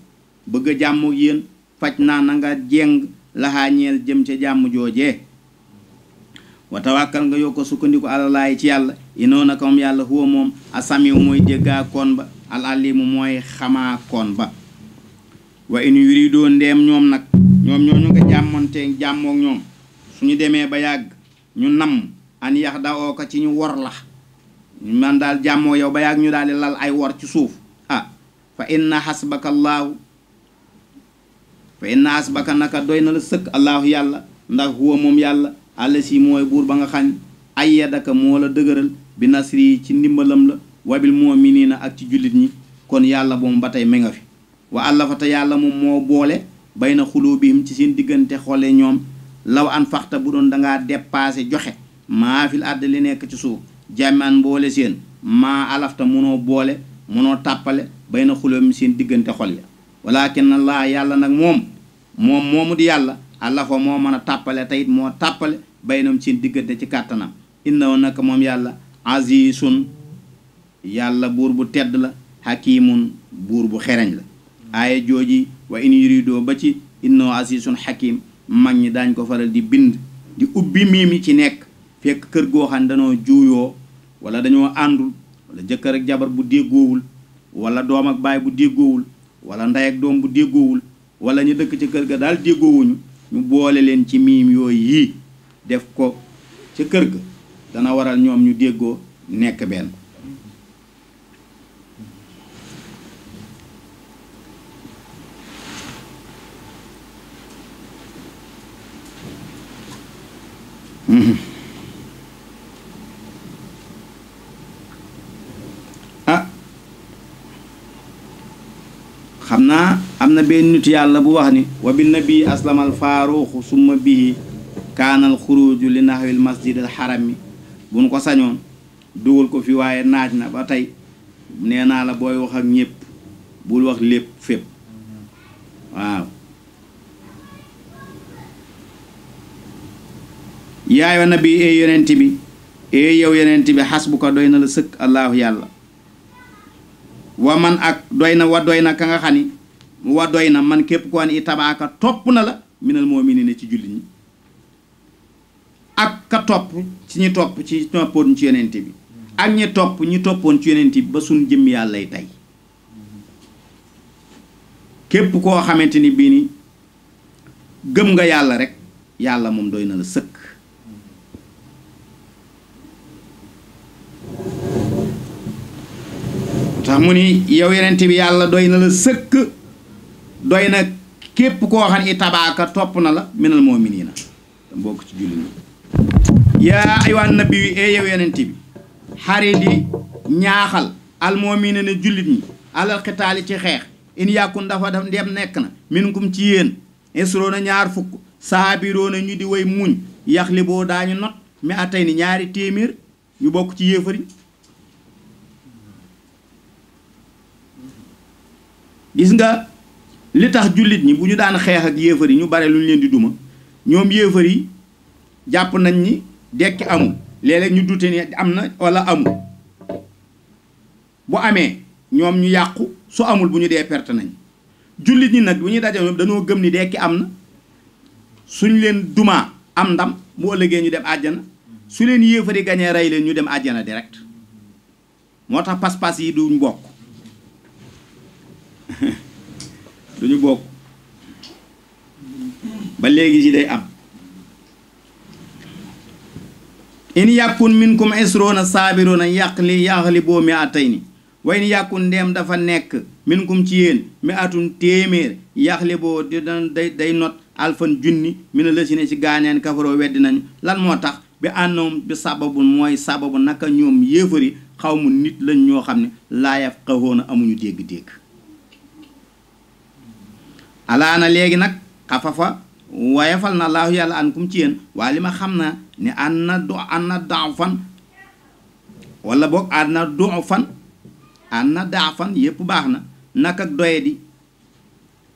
bëgg a jàmm ak yéen faj naa na nga jeng laxaa jëm ca jàmm jooje wa tawakkal nga yokk ko sukkandiku alalaay ci yàlla inoon naka yàlla huwa moom asamiw mooy déggaa koon ba al alimu mooy xamaa ba wa in yuridoo ndeem ñoom nag ñoom ñooñu nga jàmmonte jàmmook ñoom suñu demee ba yàgg ñu nam an yax dawoo ko ci ñu wor la man daal jàmmoo yow ba yàgg ñu daal lal ay wor ci suuf ah, fa inna xasbaka fa inna asbaka naka doy na la sëkk allaahu yàlla ndax huwa moom yàlla àlla si mooy buur ba nga xañ ay yadaka moo la dëgëral bi nasri ci ndimbalam la wabil mu'miniina ak ci jullit ñi kon yàlla moom ba tey mi nga fi wa àlla fa te yàlla moom moo boole bay na xuluubihim ci seen diggante xoole ñoom law an faxta bu doon dangaa dépassé joxe maa fil àdd li nekk ci suuf jàmmaan mboole seen maa alafta mënoo boole mënoo tàppale bay na xuluubihim seen diggante xol walakin allah yàlla nag moom moom moomu di yàlla àllaxo moo mën a tàppale teyit moo tàppale baynam seen diggante ci kàttanam innahu naka moom yàlla azizun yàlla buur bu tedd la xakimun buur bu xereñ la aaya jooji wa in yuridoo ba ci innahu azizun xakim mag ñi daañ ko faral di bind di ubbi miim yi ci nekk fekk kër goo xam ne dañoo juuyoo wala dañoo àndul wala jëkkër ak jabar bu déggoowul wala doom ak baay bu déggoowul wala ndey ak doom bu déggoowul wala ñu dëkk ca kër ga daal déggoowuñu ñu boole leen ci miim yooyu yii def ko ca kër ga dana waral ñoom ñu déggoo nekk benn hmm. xam naa am na benn nit yàlla bu wax ni wa bi nabii aslamal faaruuxu summa bihi kaanal xuruju li naxwil masjid al xarami buñ ko sañoon dugal ko fi waaye naaj na ba tey nee naa la booy wax ak ñépp bul wax lépp fépp waaw na nabi eey yonent bi eey yow yonent bi xas bu ko doy na la sëkk allahu yàlla wa man ak doy na wa doy na ka nga xam ni wa doy na man képp ko an itabaaka topp na la minal ne ci jullit ñi ak ka topp ci ñi topp ci toppoon ci yonent bi ak ña topp ñi toppoon ci yonent bi ba suñ jëm yàlla tey képp koo xamante ni bii ni gëm nga yàlla rek yàlla moom doy na la sëkk taala mu ni yow yonent bi yàlla doy na la sëkk doy na képp koo xam ne tabaaka topp na la minal mu'miniina bokk ci jullit ñi yaa ayyuhan nabiyyu ee yow yonent bi xari di ñaaxal al mu'miniina jullit ñi alal xitaali ci xeex in yàkkun dafa def nekk na minkum ci yéen isroona ñaar fukk saabiroona ñu di way muñ yaxli boo daañu not mi atay ni ñaari téeméer ñu bokk ci yéefari gis nga li tax jullit ñi bu ñu daan xeex ak yéefar yi ñu bare lu ñu leen di duma ñoom yéefar yi jàpp nañ ni dekki amul léeg ñu dute ni am na wala amul bu amee ñoom ñu yàqu su amul bu ñu dee perte nañ jullit ñi nag bu ñuy daje ñoom dañoo gëm ni dekki am na suñ leen dumaa am ndam mu ëllëgee ñu dem àjjana su leen yéefari gañee rey leen ñu dem àjjana direct moo tax pas-pas yi duñ bokk du ñu bokk ba léegi ci day am in yàkkun minkum isroona saabiruna yàqli yaxliboo mi atayni way ni yàkkun ndeem dafa nekk minkum ci yéen mi atum téeméer yaxliboo di day not alfan junni mi na lësi ci gaañeen kafaroo weddi nañu lan moo tax bi àndoom bi sababu mooy sababu naka ñoom yéefari xaw mu nit lañ ñoo xam ne laayaf xawoon amuñu dégg-dégg alaa alaana léegi nag xafafa wayefal na laahu yàlla an kum ci yéen waa lima xam na ni an na do fan wala boog an na doo fan an na daa fan yépp baax na nak ak doye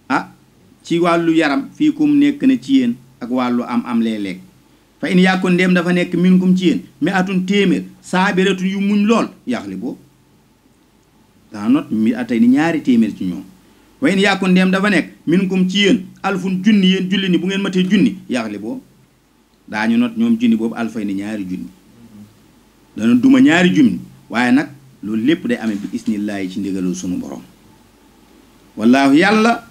ah ci wàllu yaram fii kum nekk na ci yéen ak wàllu am am léeg-léeg fa in yàkkoon ndéem dafa nekk min kum ci yéen mi atum téeméer saabiratun yu muñ lool yaxli boo daa not mi atay ni ñaari téeméer ci ñoom wayn yàkku ndeem dafa nekk min kum ci yéen alfun junni yéen julli ni bu ngeen matee junni yaxli daa ñu not ñoom junni boobu alfay ni ñaari junni dana duma ñaari junni waaye nag loolu lépp day amee bi isnillaahi ci ndigalul sunu borom walla yàlla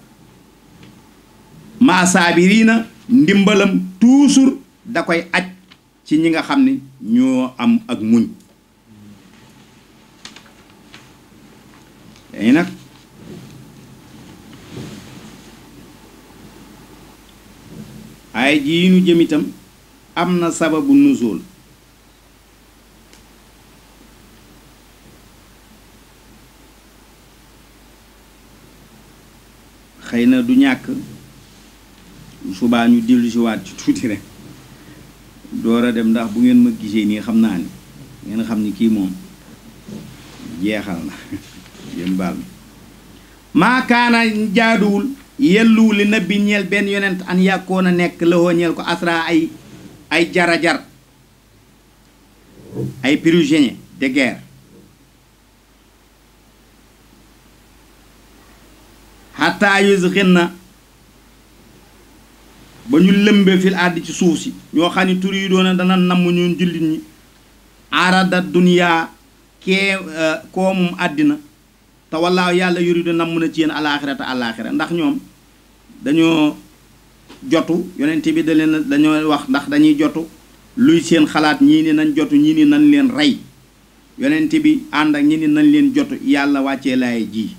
maa saabiriina ndimbalam toujours da koy aj ci ñi nga xam ni ñoo am ak muñ léegi nag ay ji nu jëm itam am na sababu nuzul xëy na du ñàkk subaa ñu dellu si waat ci tuuti door a dem ndax bu ngeen ma gisee nii xam naa ni ngeen xam ni kii moom jeexal na jëm baal ma maakaana jaaduwul yellu li nabbi ñeel benn yonent an yàkkoon a nekk lëxoo ñeel ko asra ay ay ay prisonniers de guerre xataa yus xin na ba ñu lëmbe fil àddi ci suuf si ñoo xam ne tur yi doona dana namm ñun jullit ñi arada duniyaa kee euh, koomum àddina te wallaahu yàlla yuridu namm na ci yéen alaaxira alaaxira ndax ñoom dañoo jotu yonent bi da leen dañoo wax ndax dañuy jotu luy seen xalaat ñii ni nañ jotu ñii ni nañ leen rey yonent bi ànd ak ñi ni nañ leen jotu yàlla wàccee laay ji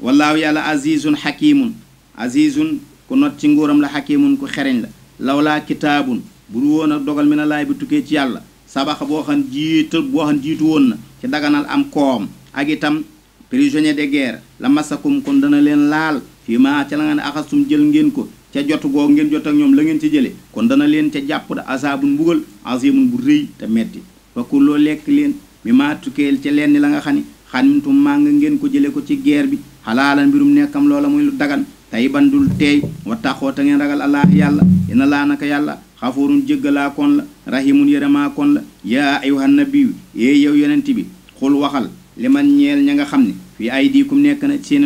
wallaahu yàlla azizun xakimun azizun ku not ci nguuram la xakimun ku xereñ la lawlaa kitaabun bu woon a dogal mi na laay bi tukkee ci yàlla sabaxa boo xam jiitu boo xam jiitu woon na ci daganal am koom ak itam prisonnier de guerre la masakum kon dana leen laal fi ma ca la ngeen ne jël ngeen ko ca jotu go ngeen jot ak ñom la ngeen ci jëlé kon dana leen ca japp da azabun bugul azimun bu rëy te metti fakku lo lek leen mi ma tukel ca leen la nga xani ni ma nga ngeen ko jëlé ko ci guerre bi halalan birum nekkam loola muy lu dagan tay bandul tey wa taxo ta ngeen ragal allah yalla ina la naka yalla khafurun jéggalaa kon la rahimun yarama kon la ya ayuha nabiyu ee yow yonent bi xul waxal liman ñeel ña nga xam ne fii nekk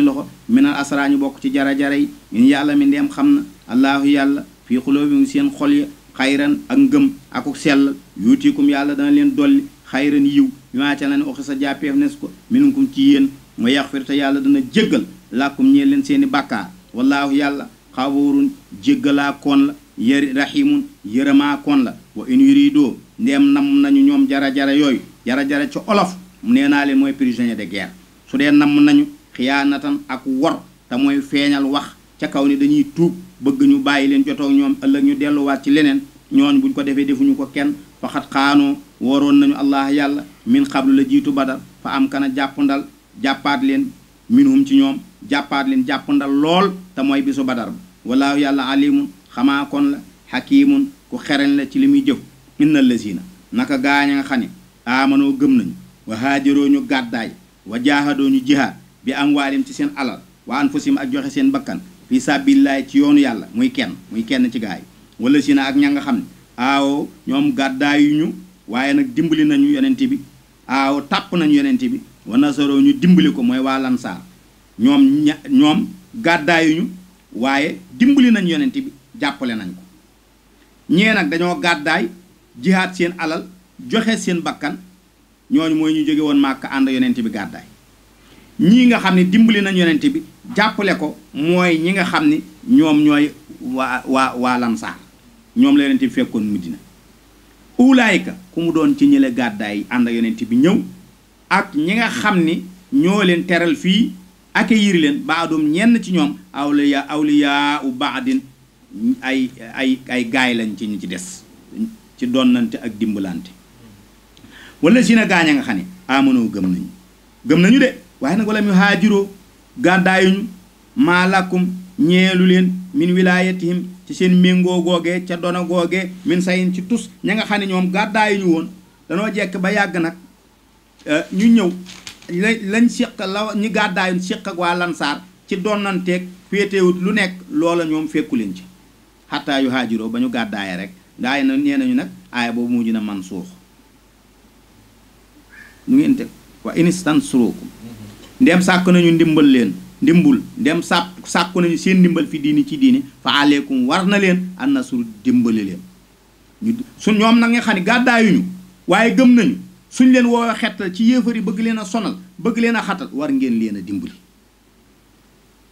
loxo minal asra ñu bokk ci jara-jara yi ñun yàlla mi ndeem xam na allaahu yàlla fii xulóobihim seen xol ya xayran ak ngëm akuk sell yuutiikum yàlla dana leen dolli xayran yiw bi maa ca la ne oxi sa jàppeef nes ko minkum ci yéen mu yaxfir te yàlla dana jéggal làkkum ñee leen seeni bàkkaar wallaahu yàlla xabuurun jéggalaa koon la yëri rahimun yërëmaa koon la wa in yuridoo ndeem nam nañu ñoom jara-jara yooyu jara-jara ci olof nee naa leen mooy prisonnier de guerre xiyaanatan ak wor te mooy feeñal wax ca kaw ni dañuy tuub bëgg ñu bàyyi leen jotoog ñoom ëllëg ñu delluwaat ci leneen ñooñ buñ ko defee defuñu ko kenn faxat xaanoo woroon nañu allah yàlla min xablu la jiitu badar fa am kana jàppandal jàppaat leen minhum ci ñoom jàppaat leen jàppandal lool te mooy bisu badar ba walaahu yàlla alimun xamaa kon la xakimun ku xereñ la ci li muy jëf inna lazina naka gaañ a nga xam ne gëm nañu wa haajiroo gàddaay wa jaahadoo ñu bi am waalim ci seen alal wa anfusim ak joxe seen bakkan fi sabilillahi ci yoonu yàlla muy kenn muy kenn ci gaa yi wala si na ak ña nga xam ne aaw ñoom gàddaayuñu waaye nag dimbali nañu yonente bi aaw tàpp nañu yonente bi wa nasaroo ñu dimbali ko mooy waa lansaar ñoom gàddaayuñu waaye dimbali nañu yonente jàppale nañ ko ñee nag dañoo gàddaay jihaat seen alal joxe seen bakkan ñooñu mooy ñu jóge woon màkk ànd yonente bi gàddaay ñii nga xam ne dimbali nañ yonent bi jàppale ko mooy ñi nga xam ni ñoom ñooy waa waa waa lamsaar ñoom la yonent bi fekkoon Medina ulaayka ku mu doon ci ñële gàddaay ànd ak bi ñëw ak ñi nga xam ni ñoo leen teral fii ak accueillir leen baadum ñenn ci ñoom awliya awliya u baadin ay ay ay gaay ci ñu ci des ci donnante ak dimbalante wala si na gaañ a nga xam ne amanoo gëm nañu gëm nañu de waaye nag wala mu haajiroo gàddaayuñu maa làkkum ñeelu leen min wilaayatihim ci seen méngoo googee ca dono googee min sayin ci tus ña nga xam ne ñoom gàddaayuñu woon danoo jekk ba yàgg nag euh, ñu ñëw lañ séq la ñu gàddaayuñ séq ak waa lansaar ci donnanteeg féetewut lu nekk loola ñoom fekku leen ci xattaa yu haajiroo ba ñu gàddaaye rek daay na nee nañu nag aaya boobu mujj na man suux mu ngeen teg wa ndem sàkk nañu ndimbal leen ndimbul ndem sàpp sàkku nañu seen ndimbal fi diini ci diini fa aleykum war na leen na su dimbali leen ñu su ñoom na nga xam ne gàddaayuñu waaye gëm nañu suñ leen woo xettal ci yéefar yi bëgg leen a sonal bëgg leen a xatal war ngeen leen a dimbali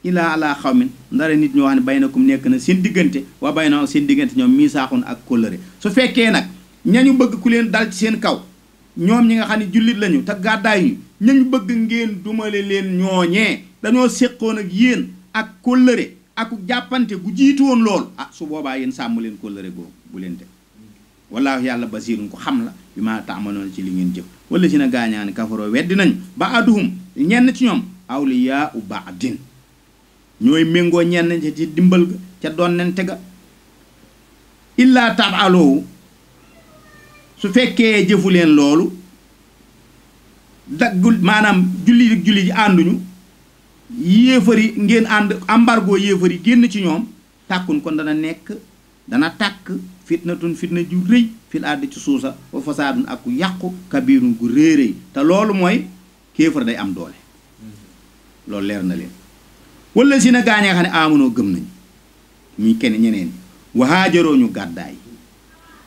ilaa ala xawmin ndara nit ñoo xam ne bay na kum nekk na seen diggante waa bay na seen diggante ñoom misaaxun ak kóllëre su fekkee nag ña ñu bëgg ku leen dal ci seen kaw ñoom ñi nga xam ne jullit lañu te gàddaayuñu ñu bëgg ngeen dumale leen ñooñee dañoo séqoon ak yéen ak kóllëre ak jàppante bu jiitu woon lool ah su boobaa yéen sàmm leen kóllëre googu bu leen teg wallaahu yàlla basiirun ko xam la bi maa taamaloon ci li ngeen jëf wala si na gaañaani kafaroo weddi nañ ba aduhum ñenn ci ñoom awliyaa u addin ñooy méngoo ñenn ci dimbal ga ca donnante ga illaa tabaaloowu su fekkee jëfu leen loolu daggul maanaam julli ak julli ji ànduñu yéefari ngeen ànd embargo yéefari génn ci ñoom tàkkun kon dana nekk dana tàkk fitnatun fitna ju rëy fil àdd ci suusa wa ak ku yàqu kabirun gu réeréy te loolu mooy kéefar day am doole lool leer na leen wala si na gaañee xam ne amunoo gëm nañ ñuy kenn ñeneen wa haajaroo ñu gàddaay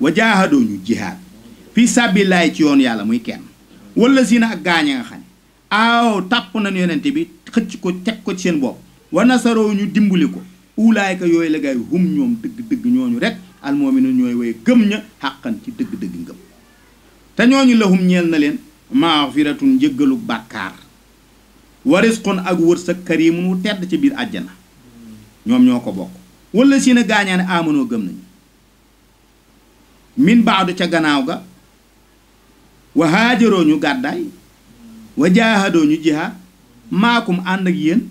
wa jaahadoo ñu jihaad fii sàbbilaay ci yoon yàlla muy kenn wala zina ak gaañe nga xam ne aaw tàpp nañu yonente bi xëcc ko teg ko ci seen bopp wa nasaroo ñu dimbali ko ulaayka yooyu la gaay hum ñoom dëgg-dëgg ñooñu rek almoominu ñooy way gëm ña xàqan ci dëgg-dëgg ngëm te ñooñu la hum ñeel na leen maafiratun njëggalu bàkkaar wa risqun ak wërsëg karimun wu tedd ci biir àjjana ñoom ñoo ko bokk wala si na gaañaane amanoo gëm nañu min baadu ca gannaaw ga wa haajaroo ñu gàddaay wa jaahadoo ñu jihaad maakum ànd ak yéen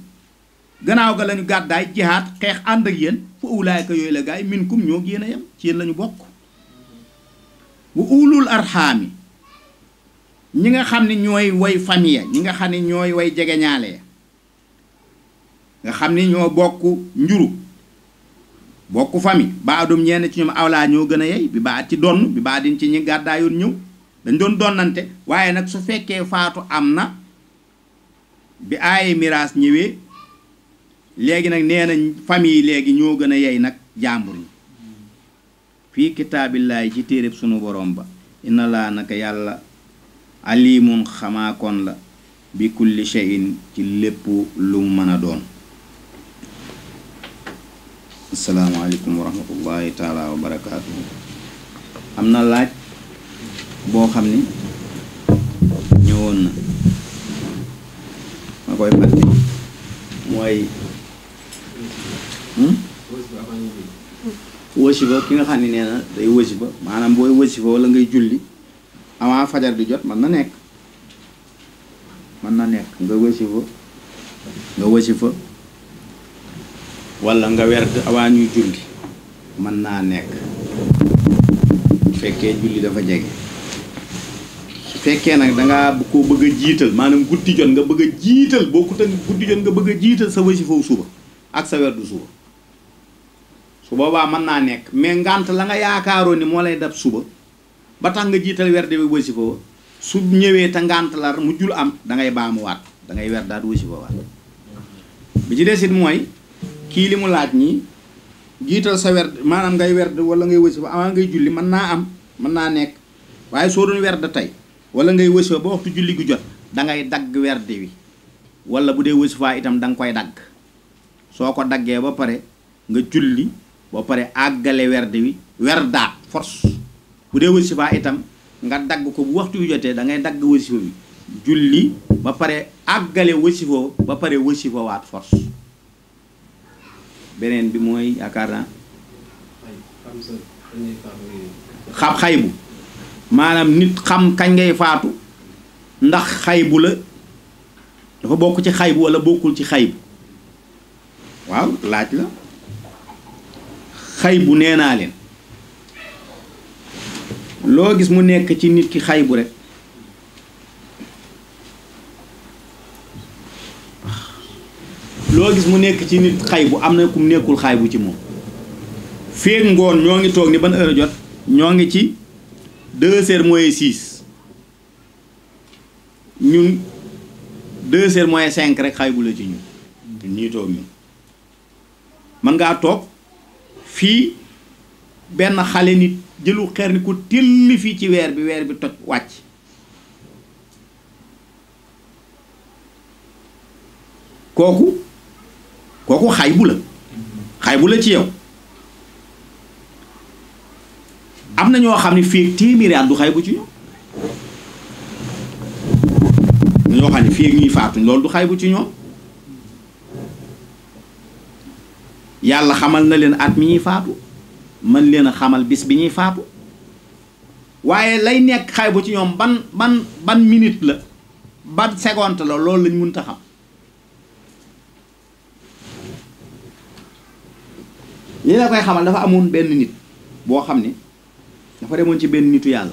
gannaaw ga lañu gàddaay jihaad xeex ànd ak yéen fa ulaayka yooyu la gaay minkum ñoo génn a ci yéen lañu bokk wa ulul arxaami ñi nga xam ni ñooy way famille ñi nga xam ne ñooy way jegeñaale nga xam ni ñoo bokk njuru bokk famille ba adum ñenn ci ñoom awlaa ñoo gën a yey bi ba at ci donn bi ba din ci ñu gàddaayoon ñëw dañ doon donnante waaye nag su fekkee faatu am na bi aaye miraas ñëwee léegi nag nee na famille léegi ñoo gën a yey nag jàmbur ñi fii kitaabillaahi ci téeréb sunu borom ba inna laa naka yàlla alimun xamaakoon la bi kulli shay'in ci lépp lu mën a doon asalaamaaleykum wa rahmatullahi taala wa barakaatu am na laaj boo xam ni ñëwoon na ma koy fàtte mooy hmm? wasifa ki nga xam ne nee na day wasifa maanaam booy wasifa wala ngay julli avant fajar di jot man na nekk mën na nekk nga wasifa nga wasifa wala nga weer avant ñuy julli mën naa nekk fekkee julli dafa jege fekkee nak da nga ko bëgg a manam maanaam guddi jot nga bëgg a bokku tan ak guddi jot nga bëgg a sa wasi suba ak sa du suba su boobaa man na nek mais ngant la nga yaakaaro ni mo lay dab suba ba tax nga jiital wër de wasi su ñëwé ta ngant la jul am da ngay waat da ngay wër daat wasi foowaat bi ci desit moy ki limu laaj ni jiital sa wër manam ngay wër wala ngay wasi fa avant ngay julli man na am man na nek waye so doon da tay wala ngay wësoo ba waxtu julli gu jot da ngay dagg werdi wi wala bu dee wësu faa itam da nga koy dagg soo ko daggee ba pare nga julli ba pare àggale werdi wi werdaat force bu dee wësi faa itam nga dagg ko bu waxtu yu jotee da ngay dagg wësifa bi julli ba pare àggale wësifoo ba pare wësifa waat force beneen bi mooy yaakaar xam xaybu maanaam nit xam kañ ngay faatu ndax xaybu la dafa bokk ci xaybu wala bokkul ci xaybu waaw laaj la xaybu nee naa leen loo gis mu nekk ci nit ki xaybu rek loo gis mu nekk ci nit xay bu am na ku nekkul nekkul bu ci moom féeg ngoon ñoo ngi toog ni ban heure jot ñoo ngi ci deux heures moins six ñun deux heures moins rek xay bu la ci ñun ñun ñuy ngaa toog fii benn xale nit jëlu xeer ni ko till fii ci weer bi weer bi toj wàcc kooku kooku xay bu la xay bu la ci yow am na ñoo xam ne fii ak téeméeri at du xay bu ci ñoom ñoo xam ne fii ak ñuy loolu du xay bu ci ñoom yàlla xamal na leen at mi ñuy faatu mën leen a xamal bis bi ñuy faatu waaye lay nekk xay bu ci ñoom ban ban ban minute la ban seconde la loolu lañ mënta xam li la koy xamal dafa amoon benn nit boo xam ne dafa demoon ci benn nitu yàlla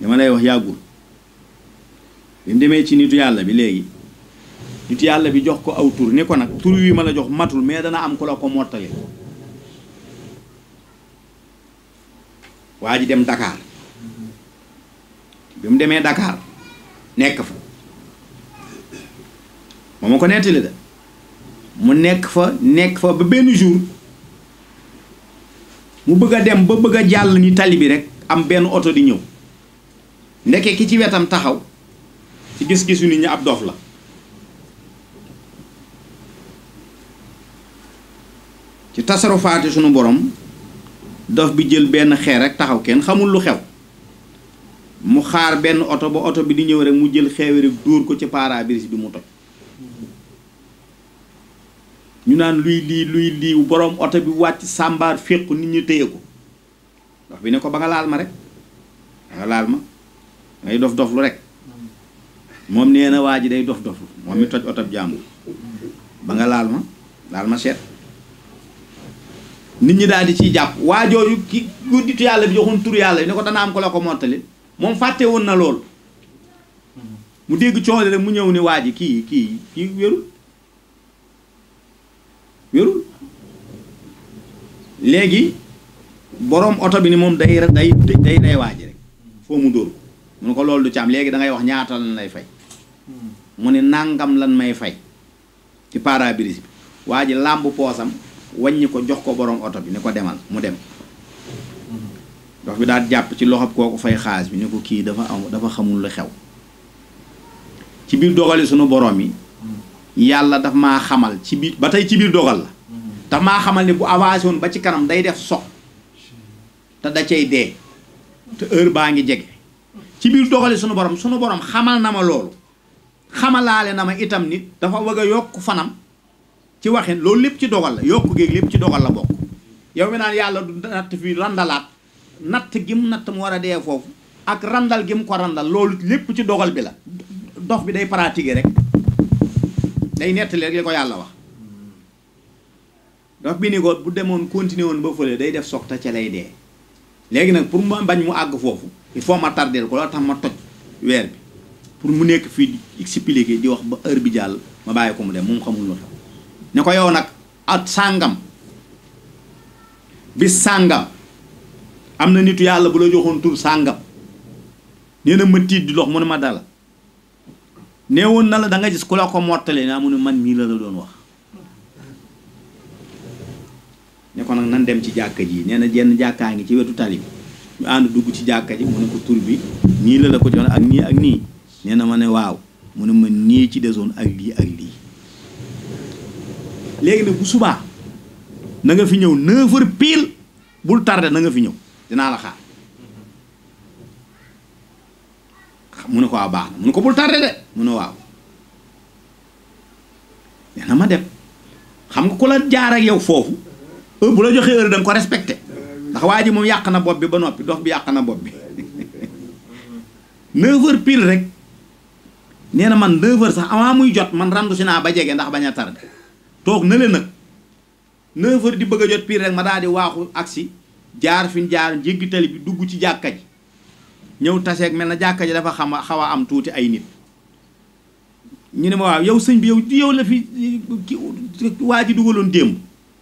dama lay wax yàggul bi mu demee ci nitu yàlla bi léegi nitu yàlla bi jox ko aw tur ni ko nag tur wi ma la jox matul mais dana am ku la ko mottali waa ji dem Dakar bi mu demee Dakar nekk fa moom ma ko nettali da mu nekk fa nekk fa ba benn jour mu bëgg a dem ba bëgg a jàll ni tali bi rek am benn oto di ñëw ndeke ki ci wetam taxaw ci gis-gisu nit ñi ab dof la ci tasarufaati sunu borom dof bi jël benn xeer rek taxaw kenn xamul lu xew mu xaar benn oto ba oto bi di ñëw rek mu jël xeewi rek dóor ko ci pare-brise bi mu toj ñu naan luy lii luy lii boroom oto bi wàcc sàmbaar féq nit ñu téye ko dox bi ne ko ba nga laal ma rek ba nga laal ma ngay dof dof lu rek moom nee na waa ji day dof dof moom mi toj oto bi jàmbur ba nga laal ma laal ma seet nit ñi daal di ciy jàpp waajoor yu ki gudditu yàlla bi joxoon tur yàlla bi ne ko dana am ko la ko mottali moom fàtte woon na lool mu dégg coono rek mu ñëw ni waa ji kii kii kii wérul wérul léegi boroom oto bi ni moom day day day day waaji rek foo mu dóor ko mu ko loolu du ci am léegi dangay wax ñaata lan lay fay mu ne nàngam lan may fay ci pare-brise bi waa ji làmb poosam wàññi ko jox ko boroom oto bi ni ko demal mu dem dox bi daal jàpp ci loxob kooku fay xaalis bi ni ko kii dafa am dafa xamul lu xew ci biir dogali sunu boroom yi yàlla daf ma xamal ci biir ba tey ci biir dogal la daf maa xamal ne bu avancé woon ba ci kanam day def sox te da cay dee te heure baa ngi jege ci biir dogali sunu borom sunu borom xamal na ma loolu xamalaale na ma itam nit dafa bëgg yokk fanam ci waxin loolu lépp ci dogal la yokk géeg lépp ci dogal la bokk yow mi naan yàlla du natt fi randalaat natt gim natt mu war a dee foofu ak randal gim ko randal loolu lépp ci dogal bi la dox bi day pratiquer rek day nettali rek li ko yàlla wax daf bi ni ko bu demoon continuer woon ba fële day def soog te ca lay dee léegi nag pour ma bañ mu àgg foofu il faut ma tardeel ko loolu tax ma toj weer bi pour mu nekk fii expliquer di wax ba heure bi jàll ma bàyyi ko mu dem moom xamul lu tax ne ko yow nag at sàngam bi sàngam am na nit yàlla bu la joxoon tur sàngam nee na ma tiit di dox mu ne ma dala nee woon na la da nga gis ku la ko mottalee naa mu ne man mii la la doon wax ne ko nag nan dem ci jàkka ji nee na jenn jàkkaa ngi ci wetu tali bi ñu ànd dugg ci jàkka ji mu ne ko tur bi nii la la ko jox ak nii ak nii nee na ma ne waaw mu ne ma nii ci desoon ak lii ak lii léegi nag bu subaa na nga fi ñëw 9h pile bul tardé na nga fi ñëw dinaa la xaar mu ko baax na ko bul tardé de mu ne ya na ma dem xam nga ku la jaar ak yow fofu heure bu la joxee heure dang ko respecté ndax waji mom yak na bopp bi ba nopi dox bi yak na bopp bi 9 h pile rek nee man 9 h sax avant muy jot man randu sina ba jege ndax baña tardé toog na 9 h di bëgg jot pile rek ma daal waxu aksi jaar fiñ jaar jéggi tali bi dugg ci jakkaji ñëw taseeg mel na jàkka ji dafa xam xaw a am tuuti ay nit ñu ne ma waaw yow sëñ bi yow yow la fi ki waa ji dugaloon démb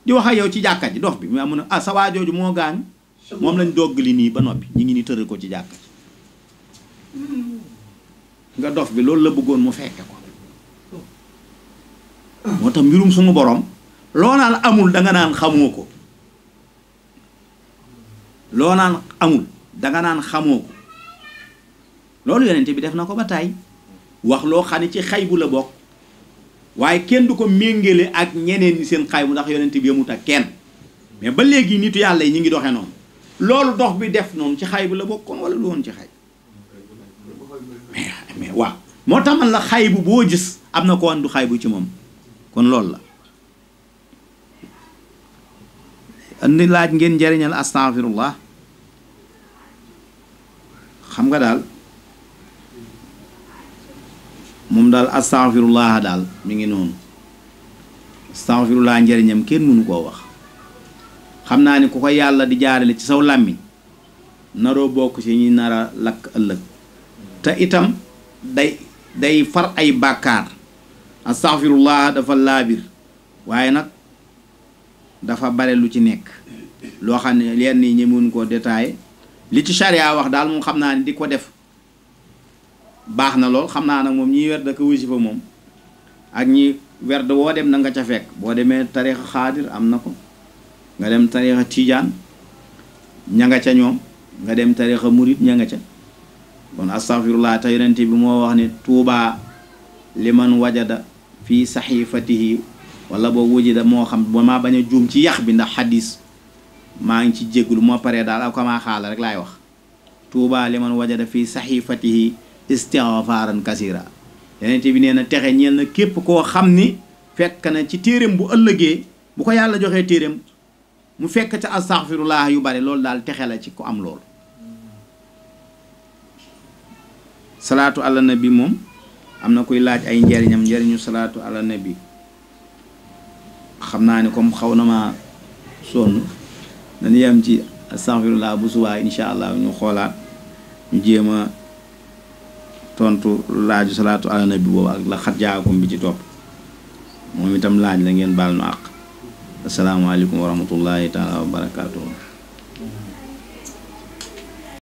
di wax ak yow ci jàkka ji dox bi mu ne ah sa waa jooju moo gaañ moom lañ dogg li nii ba noppi ñu ngi ni tëral ko ci jàkka ji nga dof bi loolu la bëggoon mu fekke ko moo tax mbirum sumu borom loo naan amul danga naan xamoo ko loo naan amul danga naan xamoo ko loolu yonente bi def na ko ba tàyyi wax loo xam ne ci bu la bokk waaye kenn du ko méngale ak ñeneen ñi seen bu ndax yonente bi yemut ak kenn mais ba léegi nitu yàlla yi ñu ngi doxee noonu loolu dox bi def noonu ci bu la bokkoon wala lu woon ci xay mais mais waaw moo tax man xay bu boo gis am na ko andu bu ci moom kon loolu la andi laaj ngeen njëriñal astaghfirullah xam nga daal moom daal astaghfirullah daal mi ngi noonu astaghfirullah njëriñam kenn mënu koo wax xam naa ni ku ko yàlla di jaarale ci saw làmmiñ naroo bokk ci ñu nara lakk ëllëg te itam day day far ay bàkkaar astaghfirullah dafa laabir waaye nag dafa bare lu ci nekk loo xam ne leen ni ñemewuñ koo détaillé li ci charia wax daal moom xam naa ni di ko def baax na lool xam naa nag moom ñiy werd ak wasifa moom ak ñi werd woo dem na nga ca fekk boo demee tarixa xaadir am na ko nga dem tarixa tiijaan ña nga ca ñoom nga dem tarixa murit ña nga ca kon astafirullah te yonente bi moo wax ne tuubaa liman wajada fi saxifatihi wala boo wujida moo xam ba maa bañ a juum ci yax bi ndax xadis maa ngi ci jégglu moo pare daal ak xaala rek laay wax tuubaa liman wajada fi saxifatihi istighfaaran kasira yeneen bi nee na texe ñeel na képp koo xam ni fekk na ci téereem bu ëllëgee bu ko yàlla joxee téereem mu fekk ca astaghfirullah yu bari loolu daal texe la ci ko am lool salaatu ala nabi moom am na kuy laaj ay njariñam njariñu salaatu ala nabi xam naa ne comme xaw na ma sonn dañu yem ci astaghfirullah bu subaa insha allah ñu xoolaat ñu jéem tontu laaju salaatu ala bi boobu ak la xat jaakum bi ci topp moom itam laaj la ngeen baal nu àq asalaamaaleykum wa rahmatullahi taala wa barakaatuhu